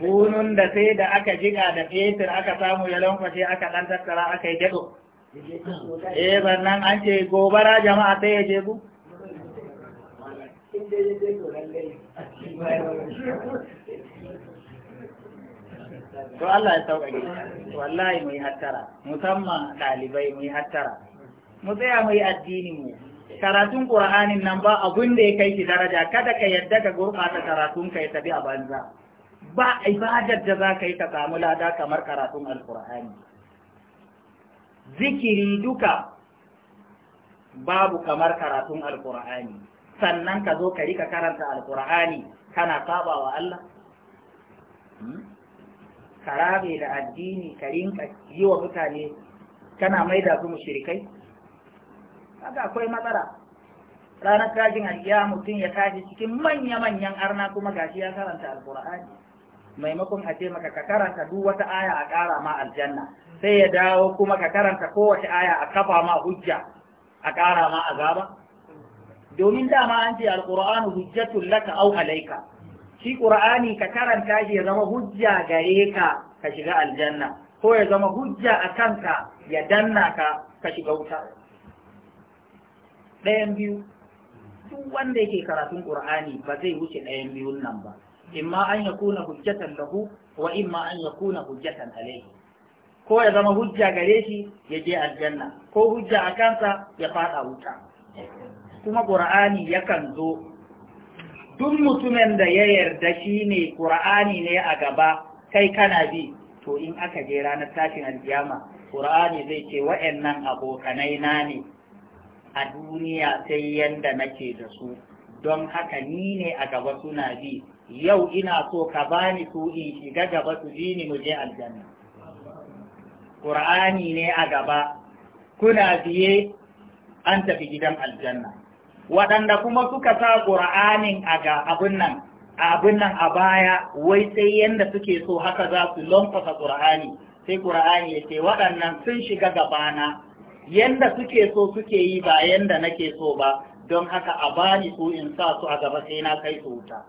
bunun da sai da aka jiga da fetur aka samu ya lankwashe aka ɗan tattara aka yi gado eh sannan an ce gobara jama'a sai ya ku to Allah ya sauƙaƙe wallahi mu yi hattara musamman ɗalibai mu yi hattara mu tsaya mu yi addini mu karatun ƙur'anin nan ba abun da ya kai shi daraja kada ka yadda ka gurɓata karatun ka ya tafi a banza ba ibadar da za ka yi ta samu lada kamar karatun alƙur'ani zikiri duka babu kamar karatun alkur'ani sannan ka zo ka rika karanta alkur'ani kana saba wa Allah hmm? ka da addini ka rinka yi wa mutane kana maida su mushrikai kaga akwai matsala ranar tashin alkiya mutum ya tashi cikin manya-manyan arna kuma gashi ya karanta alkur'ani maimakon a ce maka ka karanta duk wata aya a ƙara ma aljanna sai ya dawo kuma ka karanta kowace aya a kafa ma hujja a ƙara ma azaba domin dama an ce alqur'anu hujjatul laka aw alayka shi qur'ani ka karanta shi ya zama hujja gare ka ka shiga aljanna ko ya zama hujja a kanka ya danna ka ka shiga wuta ɗayan biyu duk wanda yake karatun qur'ani ba zai wuce ɗayan biyun nan ba imma an kuna hujjatan lahu wa imma an kuna hujjatan alayhi ko ya zama hujja gare shi ya je aljanna ko hujja a kansa ya fada wuta kuma qur'ani yakan zo duk mutumin da ya yarda shine qur'ani ne a gaba kai kana bi to in aka je ranar tashin alkiyama qur'ani zai ce wa'annan abokanai na ne a duniya sai yanda nake da su don haka ni ne a gaba suna bi yau ina so ka bani su in shiga gaba su ji ni mu aljanna Qur'ani ne a gaba kuna biye an tafi gidan aljanna waɗanda kuma suka sa ƙur'anin a ga abin nan abin nan a baya wai sai yanda suke so haka za su lomfasa ƙur'ani sai ƙur'ani ya ce waɗannan sun shiga gabana yanda suke so suke yi ba yanda nake so ba don haka a bani su in sa su a gaba sai na kai su wuta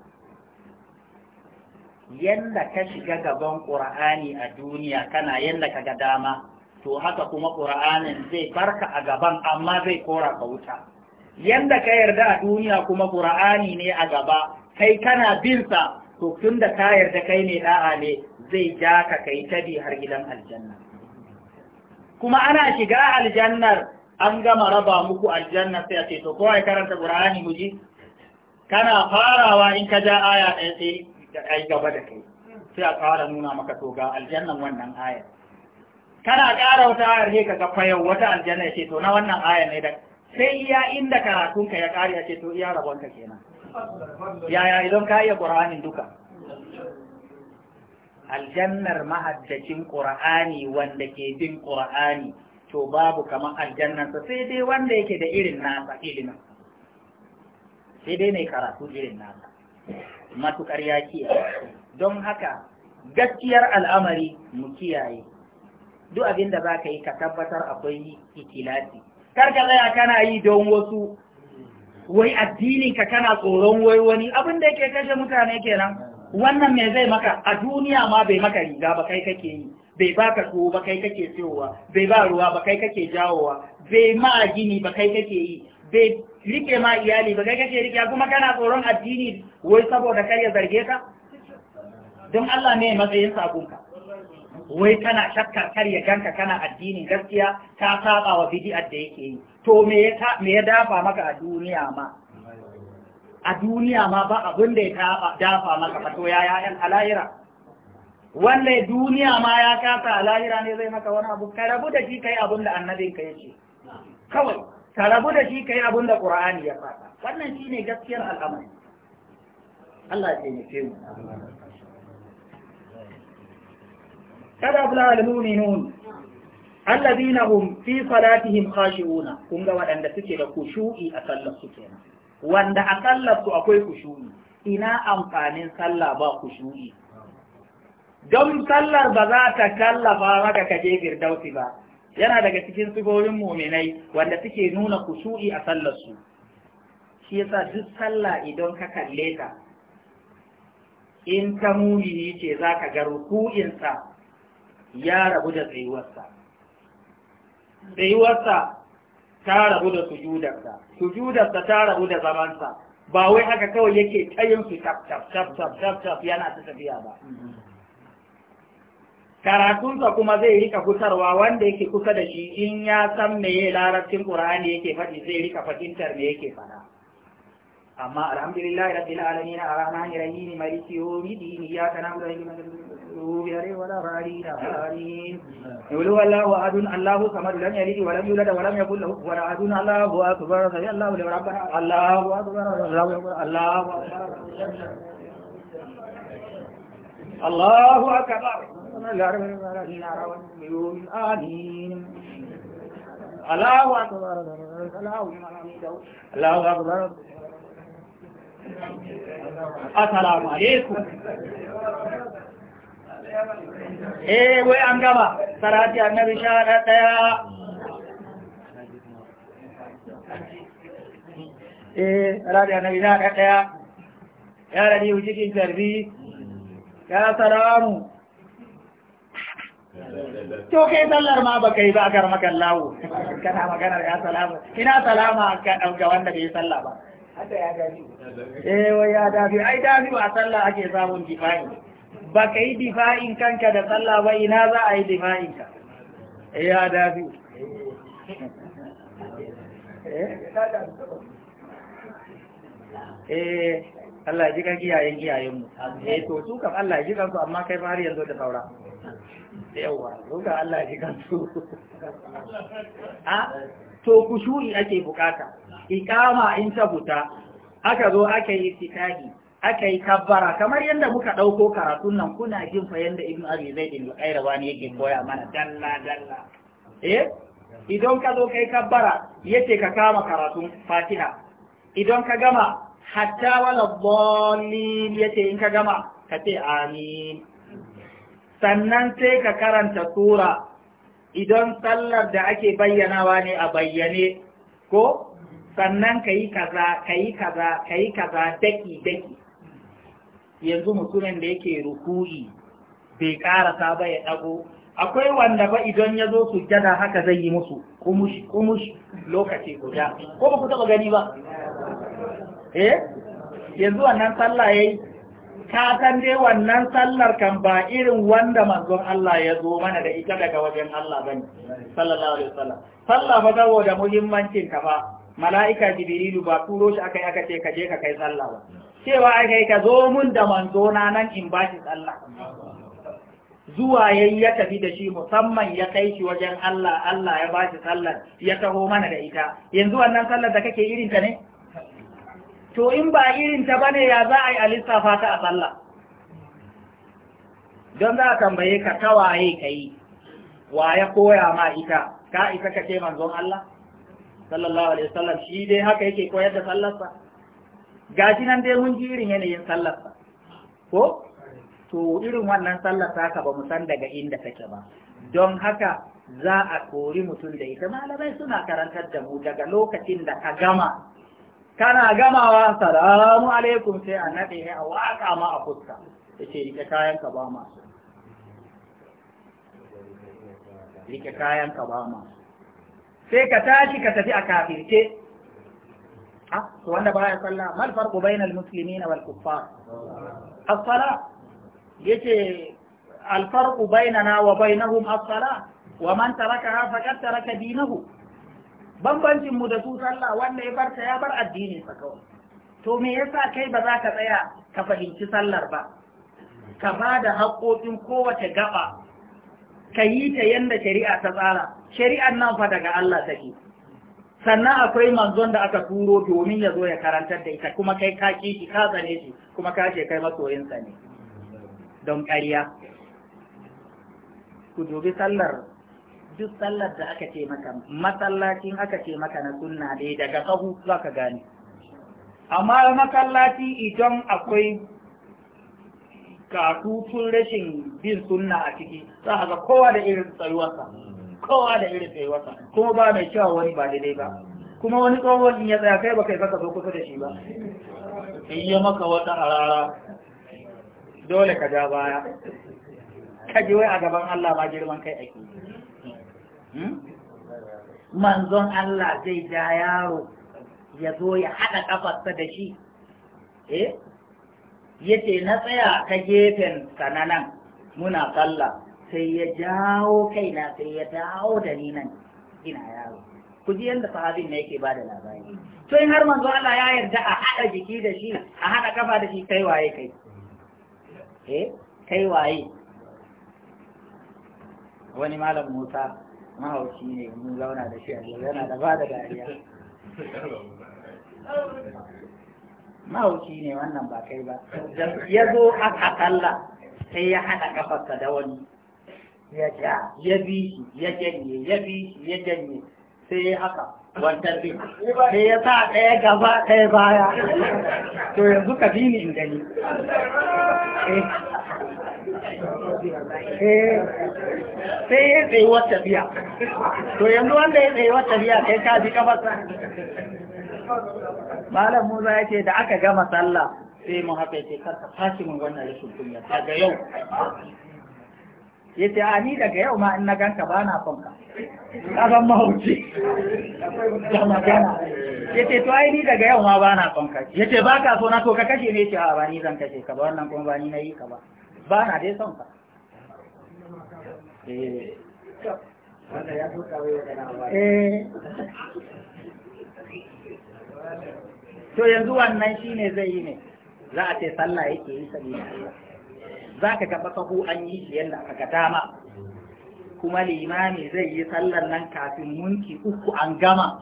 yanda ka shiga gaban ƙur'ani a duniya kana yanda ka ga dama to haka kuma ƙur'anin zai barka a gaban amma zai kora ka wuta yanda ka yarda a duniya kuma ƙur'ani ne a gaba kai kana bin sa to tun da ka yarda kai ne da'a ne zai ja ka kai ta bi har gidan aljanna kuma ana shiga aljannar an gama raba muku aljanna sai a ce to kowa ya karanta ƙur'ani mu ji kana farawa in ka ja aya ɗaya sai da ai gaba da kai sai a ƙara nuna maka to ga aljannan wannan aya kana ƙara wata ayar ne ka ga fayau wata aljanna ce to na wannan ayar ne da sai iya inda karatun ka ya ƙare ce to iya rabon ka kenan yaya idan ka iya qur'anin duka aljannar mahaddacin qur'ani wanda ke bin qur'ani to babu kamar aljannan sa sai dai wanda yake da irin nasa ilimin sai dai ne karatu irin nasa matuƙar ya kiyaye don haka gaskiyar al'amari mu kiyaye duk abin da za ka yi ka tabbatar akwai ikilasi kar ka tsaya kana yi don wasu wai addinin ka kana tsoron wai wani abin da yake kashe mutane kenan wannan me zai maka a duniya ma bai maka riga ba kai kake yi bai baka tuwo ba kai kake siyowa bai ba ruwa ba kai kake jawowa bai ma gini ba kai kake yi bai rike ma iyali ba kai kake rike kuma kana tsoron addini wai saboda kar ya zarge ka don Allah ne matsayin sabonka wai kana shakkar kar ya ganka kana addinin gaskiya ka saba wa bid'ar da yake yi to me ya me ya dafa maka a duniya ma a duniya ma ba abin da ya dafa maka fa to yaya yan alahira Wannan duniya ma ya kasa alahira ne zai maka wani abu ka rabu da shi kai abin da annabinka yake kawai ka rabu da shi kai abin da ƙura'ani ya faɗa wannan shine gaskiyar al'amari Allah ya taimake mu kada abla al-mu'minun alladhina hum fi salatihim khashi'una kun ga waɗanda suke da kushu'i a sallar su kenan wanda a sallar su akwai kushu'i ina amfanin sallah ba kushu'i don sallar ba za ta kallafa maka kaje firdausi ba yana daga cikin sigogin muminai wanda suke nuna kusu'i a sallarsu shi yasa duk sallah idan ka kalle ta in ta mumini ce za ka ga ruku'insa ya rabu da tsayuwarsa tsayuwarsa ta rabu da sujudarsa sujudarsa ta rabu da zamansa ba wai haka kawai yake tayin su tap tap tap tap tap yana ta tafiya ba karatunsa kuma zai rika kusarwa wanda yake kusa da shi in ya san meye larabcin ƙur'ani yake faɗi zai rika fahimtar me yake faɗa amma alhamdulillah rabbil alamin arrahmanir rahim maliki yawmid din iyyaka na'budu wa iyyaka nasta'in wa la da amin qul huwallahu ahad allahu samad lam yalid wa lam yulad wa lam yakul lahu kufuwan ahad allahu akbar sami allahu liman rabbana allahu akbar allahu akbar allahu akbar allahu akbar السلام عليكم ايه وي انغبا صلاه النبي شاده يا ايه صلاه النبي شاده يا يا ربي وجيك يا سلام to kai sallar ma ba kai ba kar maka lawo kana maganar ya salama ina salama ka dauka wanda bai sallah ba hada ya gani eh wai ya dafi ai dafi ba sallah ake samun difa'i ba kai difa'in kanka da sallah ba ina za a yi difa'in ka eh ya dafi eh, eh Allah ji kan kiyaye iyayenmu eh to su Allah ji kan su amma kai ba har yanzu da saura yawa ga Allah ya kansu (laughs) a to kushu'i ake bukata ikama in ta aka zo aka yi fitahi aka yi kabbara kamar yadda muka ɗauko karatun nan kuna jin fa yadda ibn abi zaid ibn qairawa ne yake koya mana dalla dalla eh idan ka zo kai kabbara yace ka kama karatun fatiha idan ka gama hatta wala dhallin yace in ka gama ka ce amin sannan sai ka karanta sura idan sallar da ake bayyanawa ne a bayyane ko sannan ka yi kaza ka yi kaza ka yi kaza daki daki yanzu mutumin da yake ruku'i bai karasa ba ya dago akwai wanda ba idan ya zo sujjada haka zai yi musu kumush kumush lokaci guda ko ba ku taba gani ba eh yanzu wannan sallah yayi ka san dai wannan sallar kan ba irin wanda manzon Allah ya zo mana da ita daga wajen Allah bane sallallahu alaihi wasallam sallah ba saboda muhimmancin ka ba mala'ika jibrilu ba turo shi akai aka ce ka je ka kai sallah ba cewa akai ka zo mun da manzo na nan in ba shi sallah zuwa yayi ya tafi da shi musamman ya kai shi wajen Allah Allah ya ba shi sallar ya taho mana da ita yanzu wannan sallar da kake irin ta ne to in ba irin ta bane ya za a yi a lissafa ta a sallah don za a tambaye ka ta waye ka yi wa ya koya ma ita ka isa ka ce manzon Allah sallallahu alaihi wasallam shi dai haka yake koyar da sallarsa Ga shi nan dai mun ji irin yanayin sallarsa ko to irin wannan sallar ka ba mu san daga inda take ba don haka za a kori mutum da ita malamai suna karantar da mu daga lokacin da ka gama kana gamawa salamu alaikum sai a naɗe ne a waƙa ma a fuska ya ce rike kayan ka ba masu rike kayan ka ba masu sai ka tashi ka tafi a kafirce ah wanda baya sallah mal farqu bainal muslimina wal kuffar as-sala yace al farqu bainana wa bainahum as-sala wa man tarakaha faqad taraka dinahu bambancin mu da su sallah wanda ya barta ya bar addini sa kawai to me yasa kai ba za ka tsaya ka fahimci sallar ba ka ba da haƙoƙin kowace gaba ka yi ta yadda shari'a ta tsara shari'ar nan fa daga Allah take sannan akwai manzon da aka turo domin ya zo ya karantar da ita kuma kai ka ki ka tsane shi kuma ka ce kai masoyinsa ne don ƙarya ku dubi sallar duk sallar da aka ce maka masallacin aka ce maka na sunna dai daga sahu za ka gane amma masallaci idan akwai katutun rashin bin sunna a ciki za a ga kowa da irin tsayuwarsa kowa da irin tsayuwarsa kuma ba mai cewa wani ba daidai ba kuma wani tsohon in ya tsaya kai ba kai ka zo kusa da shi ba in yi maka wata harara dole ka ja baya ka ji wai a gaban Allah ma girman kai ake Hmm? manzon Allah zai ja yaro ya zo ya haɗa ƙafarsa da shi eh ya ce na tsaya ta gefen sananan muna sallah sai ya jawo kaina sai ya dawo da ni nan ina yaro ku ji yadda sahabin ne yake bada labari to in har manzo Allah ya yarda a haɗa jiki da shi a haɗa ƙafa da shi kai waye kai eh kai waye wani malam Musa mahauci ne mu launa da shi a yana da ba da dariya mahauci ne wannan ba kai ba ya zo a kalla sai ya haɗa kafarsa da wani ya ja ya bi shi ya janye ya bi shi ya janye sai ya haka wancan bi sai ya sa ɗaya gaba ɗaya baya to yanzu ka bi ni in gani eh. Eh, sai ya tsaye wata biya to yanzu wanda ya tsaye wata biya kai ka bi sa? malam musa ya ce da aka gama sallah sai mun haka ya ce karka fashi mun wannan rashin kunya daga yau ya ce a ni daga yau ma in na ganka ba na son ka san mahauci da magana ya ce to ai ni daga yau ma ba na son ka ya ce ba ka so na so ka kashe ne ce a ba ni zan kashe ka ba wannan kuma ba ni na yi ka ba ba na dai son ka Eh. Eh. to yanzu wannan shi ne zai yi ne za a ce sallah yake yi sabi za ka gaba kahu an yi shi yadda aka ga dama kuma limami zai yi sallar nan kafin munti uku an gama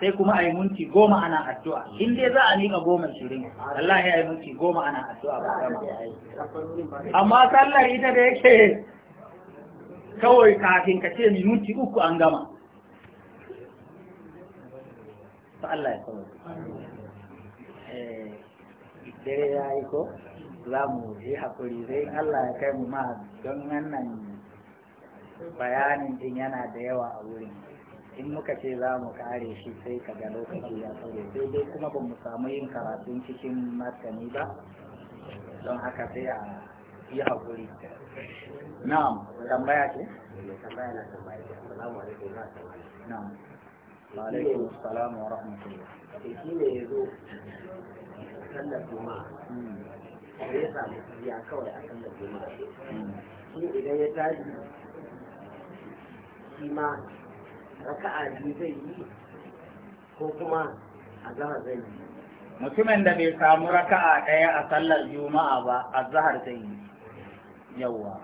sai kuma a yi munti goma ana addu'a in dai za a nika goma shirin Allah ya yi munti goma ana addu'a ba gama amma sallar ita da yake kawai kafin ka ce minuti uku an gama ta Allah ya kawai eh, dare ya yi ko za mu yi haƙuri sai Allah ya kai mu ma don wannan bayanin din yana da yawa a wurin in muka ce za mu kare shi sai ka ga lokaci ya sauye sai dai kuma ba mu samu yin karatun cikin martani ba don haka sai a yi haƙuri tambaya ce eh, tambaya na tambaya salamu tambaya wa eh, shi ne ya zo sallar hmm. ya samu ya kawai a sallar hmm. shi idan ya tashi shi ma raka'a biyu zai yi ko kuma a zai yi mutumin da bai samu raka'a ɗaya a sallar juma'a ba a zahar zai yi yawwa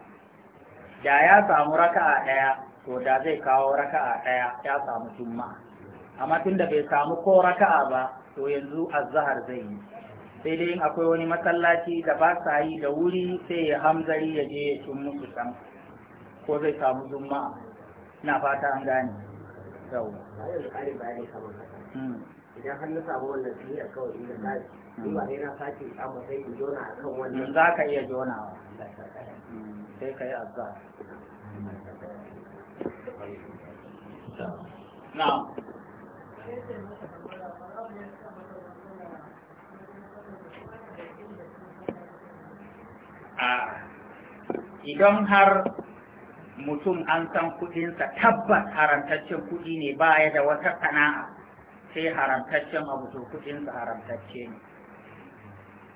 da ya samu raka'a ɗaya to da zai kawo raka'a ɗaya ya samu juma amma tun da bai samu ko raka'a ba to yanzu azhar zai yi sai dai akwai wani masallaci da ba sa yi da wuri sai ya hamzari ya je ya cin musu ko zai samu juma'a na fata an gane yau idan har na samu wannan sihiyar kawai in da kare ba sai na sake samu sai in jona a kan wannan za ka iya jonawa sai ka yi azza na ah, idan har mutum an san kudinsa tabbas harantaccen kudi ne baya da wata sana'a sai haramtaccen abu to kuɗinsa haramtacce ne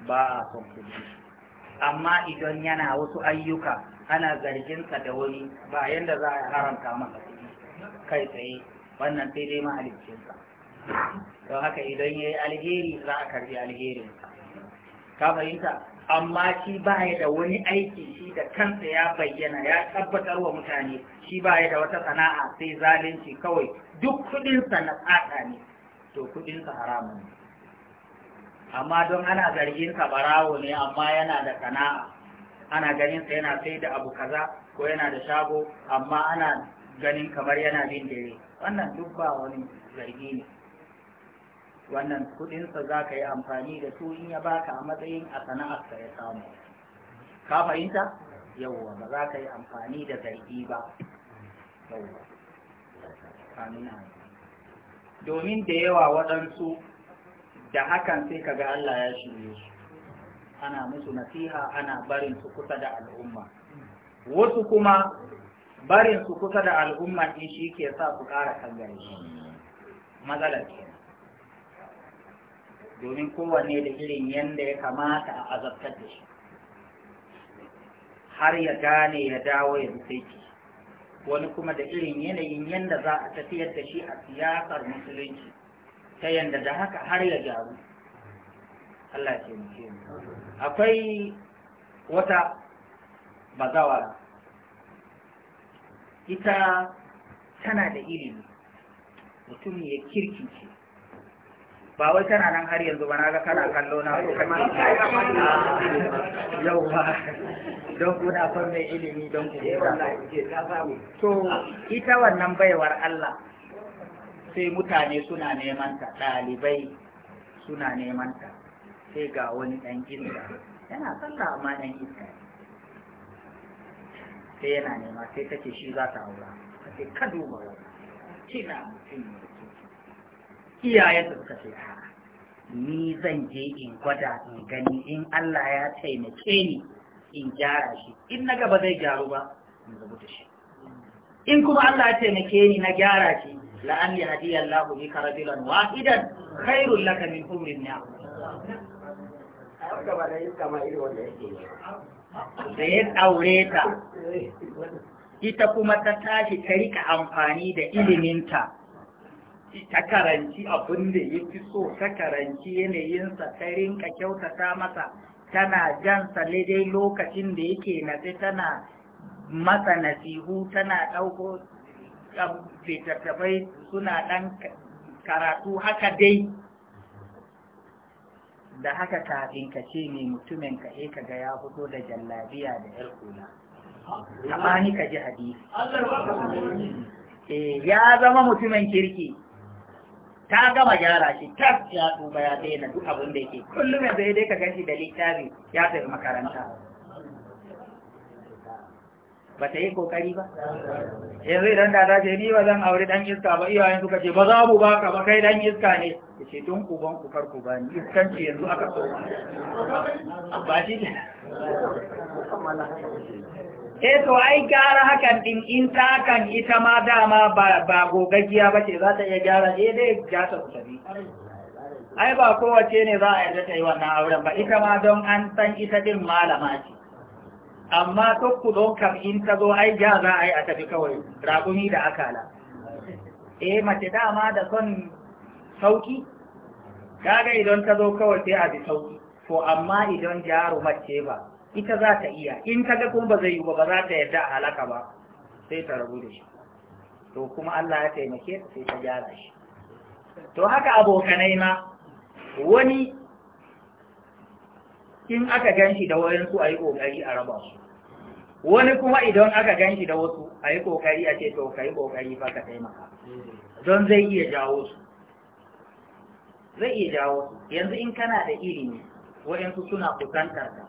ba a son kuɗi amma idan yana wasu ayyuka ana zarginsa da wani ba yadda za a haramta masa kuɗi kai tsaye wannan sai dai mahaliccinsa don haka idan ya yi alheri za a karbi alherinsa ka fahimta amma shi ba ya da wani aiki shi da kansa ya bayyana ya tabbatar wa mutane shi ba ya da wata sana'a sai zalunci kawai duk kuɗinsa na tsaka ne to kuɗinsa haramun ne amma don ana zargin sa barawo ne amma yana da sana'a ana ganin yana sai da abu kaza ko yana da shago amma ana ganin kamar yana bin dare wannan duk ba wani zargi ne wannan kudin za ka yi amfani da su in ya baka a matsayin a sana'ar ya samu ka fahimta yawwa ba za ka yi amfani da zargi ba amina domin da yawa waɗansu da hakan sai kaga Allah ya shirye su ana musu nasiha ana barin su kusa da al'umma wasu kuma barin su kusa da al'umma din shi ke sa su ƙara kangare shi matsalar kenan domin kowanne da irin yadda ya kamata a azabtar da shi har ya gane ya dawo ya bi sai wani kuma da irin yanayin yadda za a tafiyar da shi a siyasar musulunci ta yadda da haka har ya gyaru Allah ce akwai wata bazawa ita tana da ilimi mutum ya kirkice ba wai kana nan har yanzu ba na ga kana kallo na so kake yau ba don kuna son mai ilimi don ku eh, to ita wannan baiwar Allah sai mutane suna neman ta ɗalibai suna neman ta sai ga wani ɗan iska yana sallah amma ɗan iska sai yana nema sai take shi za ta aura sai ka duba wani kina mutum iyayen da suka ce ni zan je in gwada in gani in Allah ya taimake ni in gyara shi in na gaba zai gyaru ba in da shi in kuma Allah ya taimake ni na gyara shi la'alli Allahu bi karabilan wahidan khairul laka min umrin ni'am da ya aure ta ita kuma ta tashi ta rika amfani da iliminta ta karanci abin da ya fi so ta karanci yanayinsa ta rinka kyautata masa tana jan dai lokacin da yake natsi tana masa nasihu tana ɗauko fitattafai suna ɗan karatu haka dai da haka kafin ka ce ne mutumin ka he ka ga ya fito da jallabiya da yar kula amma ni ka ji hadisi eh, ya zama mutumin kirki ta gama gyara shi tas ya tuba ya daina duk abin da yake kullum yanzu ya dai ka gashi da littafi ya tafi makaranta ba ta yi kokari ba yanzu idan da ta ce ni ba zan auri dan iska ba iyaye suka ce ba za mu ba ka ba kai dan iska ne ya ce don ban ku farko ba ni iskanci yanzu aka so ba shi ne. e to ai gyara hakan din in ta kan ita ma dama ba ba gogaggiya ba ce za ta iya gyara eh dai ga ta kusabi ai ba kowace ne za a yarda ta yi wannan auren ba ita ma don an san ita din malama ce amma tukku don kam in ta zo ai ga za a yi a tafi kawai raƙumi da akala eh mace dama da son sauki kaga idan ta zo kawai sai a bi sauki to amma idan jaru mace ba ita za ta iya in ta ga kuma ba zai yi ba ba za ta yarda a halaka ba sai ta rabu da shi to kuma Allah ya taimake ta sai ta gyara shi to haka abokanai ma wani in aka gan shi da wayansu a yi ƙoƙari a raba su wani kuma idan aka gan shi da wasu a yi ƙoƙari a ce to ka yi ƙoƙari fa ka taimaka don zai iya jawo su zai iya jawo su yanzu in kana da ilimi su suna kusantar ka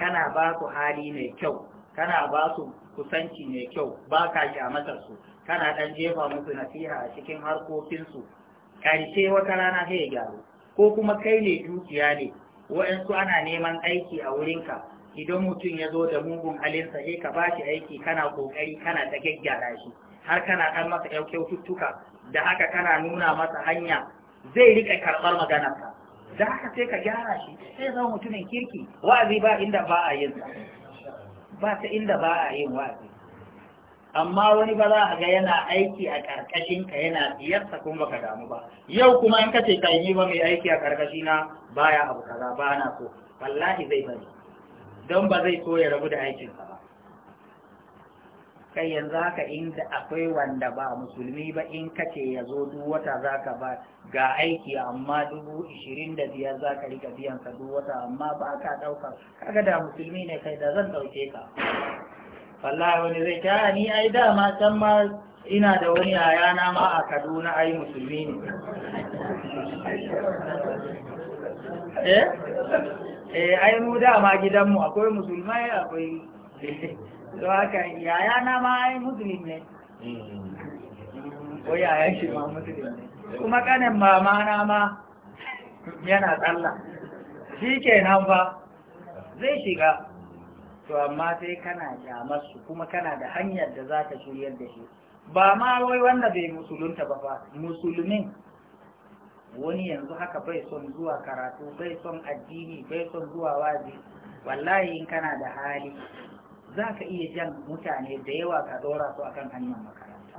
kana ba su hali mai kyau kana ba su kusanci mai kyau ba ka kyamatar su kana ɗan jefa musu nasiha a cikin harkokinsu ƙarshe wata rana sai ya gyaru ko kuma kai ne dukiya ne waɗansu ana neman aiki a wurinka idan mutum ya zo da mugun halinsa sai ka ba shi aiki kana ƙoƙari kana ta gyaggyara shi har kana ɗan masa kyaututtuka da haka kana nuna masa hanya zai riƙa karɓar maganarka da haka sai ka gyara shi sai zama mutumin kirki wa'azi ba inda ba a yin ba ta inda ba a yin wa'azi amma wani ba za a ga yana aiki a ƙarƙashin ka yana tsiyarsa kuma ka damu ba yau kuma in ka ce ka yi ba mai aiki a karkashi na baya abu kaza ba na so wallahi zai bari don ba zai so ya rabu da aikinsa ba kai yanzu haka inda akwai wanda ba musulmi ba in kace ya zo duk wata za ka ba ga aiki amma dubu ishirin da biyar za ka rika biyan ka duk wata amma ba ka ɗauka kaga da musulmi ne kai da zan ɗauke ka wallahi wani zai ta ni ai dama can ma ina da wani yayana ma a kaduna ai musulmi ne (laughs) eh eh ai mu dama gidanmu akwai musulmai akwai don haka yaya na ma ai ne kuma kanin mama na ma yana tsalla shi nan fa zai shiga to amma sai kana kyamar su kuma kana da hanyar da za ka shiryar da shi ba ma wai wanda bai musulunta ba fa musulmin wani yanzu haka bai son zuwa karatu bai son addini bai son zuwa wazi wallahi in kana da hali za ka iya jan mutane da yawa ka dora su akan hanyar makaranta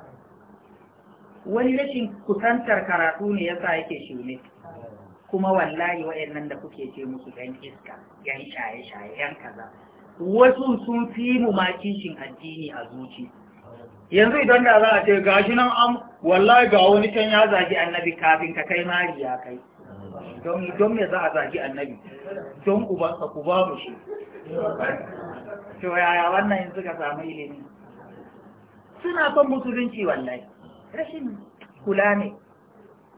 wani rashin kusantar karatu ne yasa yake shune kuma wallahi waɗannan da kuke ce musu yan iska yan shaye-shaye yan kaza wasu sun fi mu ma addini a zuci yanzu idan da za a ce gashi nan am wallahi ga wani can ya zagi annabi kafin ka kai mari ya kai don me za a zagi annabi don ku ba shi to yaya wannan in suka samu ilimi suna son musulunci wallahi rashin kula ne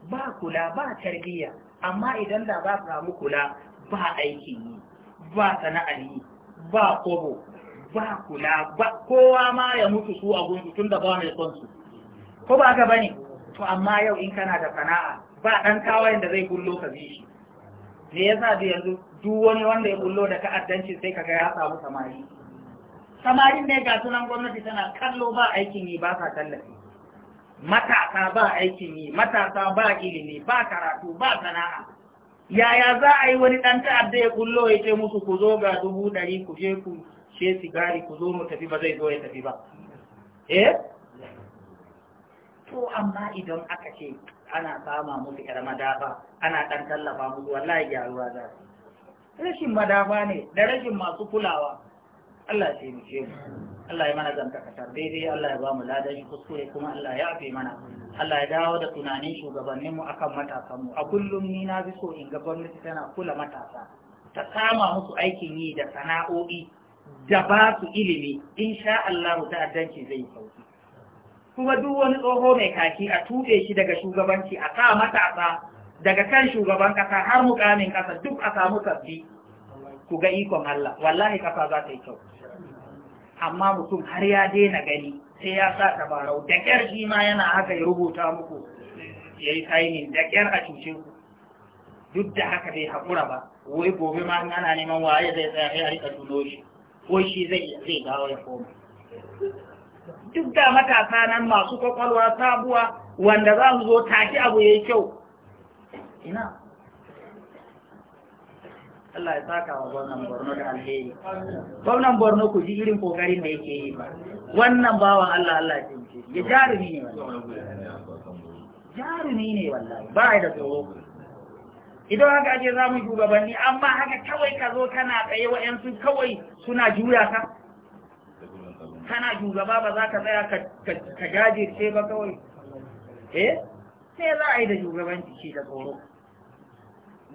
ba kula ba tarbiyya amma idan da za samu kula ba aikin yi ba sana'ar yi ba kobo ba kula ba kowa ma ya mutu su a gunsu tun da ba mai son su ko ba ka bane to amma yau in kana da sana'a ba dan kawo da zai kullo ka bi shi me yasa da yanzu duk wani wanda ya kullo da ta'addanci sai kaga ya samu samari samarin ne ga sunan gwamnati tana kallo ba aikin yi ba sa tallafi matasa ba aikin yi matasa ba ilimi ba karatu ba sana'a yaya za a yi wani ɗan ta'adda ya kullo ya ce musu ku zo ga dubu ɗari ku je ku ce sigari ku zo mu tafi ba zai zo ya tafi ba eh to amma idan aka ce ana sama musu ƴar madafa ana ɗan tallafa musu wallahi gyaruwa za su rashin madafa ne da rashin masu kulawa Allah ya taimake mu Allah ya mana zanta daidai Allah ya ba mu ladan kuskure kuma Allah ya afi mana Allah ya dawo da tunanin shugabanninmu akan mu a kullum ni na so in ga gwamnati tana kula matasa ta kama musu aikin yi da sana'o'i da ba su ilimi insha Allah ta'addanci zai sauki kuma duk wani tsoho mai kaki a tuɗe shi daga shugabanci a kama matasa daga kan shugaban kasa har mukamin kasa duk a samu sabbi ku ga ikon Allah wallahi kasa za ta yi kyau amma mutum har ya daina gani sai ya sa tabarau da ƙyar shi ma yana haka ya rubuta muku ya yi sainin da ƙyar a cuce ku duk da haka bai haƙura ba wai gobe ma ana neman waye zai tsaya ya rika tuno shi wai shi zai zai dawo ya koma duk da matasa nan masu kwakwalwa sabuwa wanda za su zo take abu ya yi kyau ina Allah ya saka wa gwamnan Borno da alheri. Gwamnan Borno ku ji irin kokarin da yake yi ba. Wannan bawan Allah Allah ya ce ya jarumi ne wallahi. Jarumi ne wallahi ba da tsoro. Idan haka ake samun shugabanni amma haka kawai ka zo kana tsaye wa'yansu kawai suna juya ka. Kana shugaba ba za ka tsaya ka jajirce ba kawai. Eh? Sai za a yi da shugabanci shi da tsoro.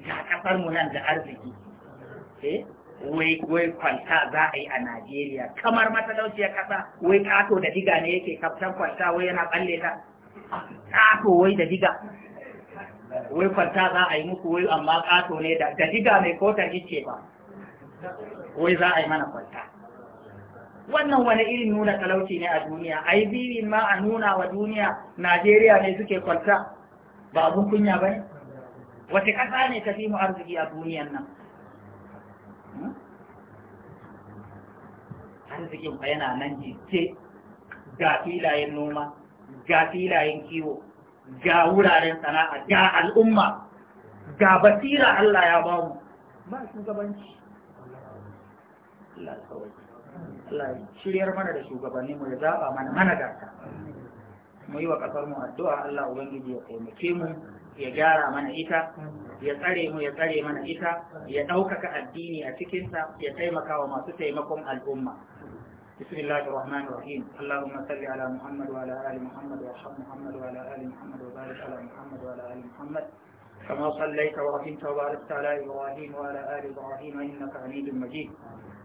Ga ƙasarmu nan da arziki. Eh? wai wai kwanta za a yi a Najeriya kamar ya kasa wai kato da diga ne yake kaftan kwanta wai yana balle ta kato wai da diga wai kwanta za a yi muku wai amma kato ne da diga mai kotar ice ba wai za a yi mana kwanta wannan wani irin nuna talauci ne a duniya a yi birin ma a nuna wa duniya Najeriya ne suke kwanta ba abun kunya ba ne wace ƙasa ne ta fi mu arziki a duniyan nan arzikin fa yana nan jike ga filayen noma ga filayen kiwo ga wuraren sana'a ga al'umma ga basira Allah ya ba mu ba shugabanci Allah ya shiryar mana da shugabanni mu ya zaba mana mana gata mu yi wa kasar mu addu'a Allah ubangiji ya taimake mu ya gyara mana ita ya tsare mu ya tsare mana ita ya ɗaukaka addini a cikinsa ya taimaka wa masu taimakon al'umma بسم الله الرحمن الرحيم اللهم صل على محمد وعلى ال محمد وارحم محمد وعلى ال محمد وبارك على محمد وعلى ال محمد كما صليت ورحمت وباركت على ابراهيم وعلى ال ابراهيم انك حميد مجيد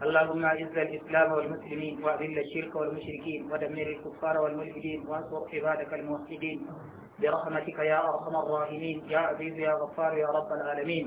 اللهم اعز الاسلام والمسلمين واذل الشرك والمشركين ودمر الكفار والملحدين وانصر عبادك الموحدين برحمتك يا ارحم الراحمين يا عزيز يا غفار يا رب العالمين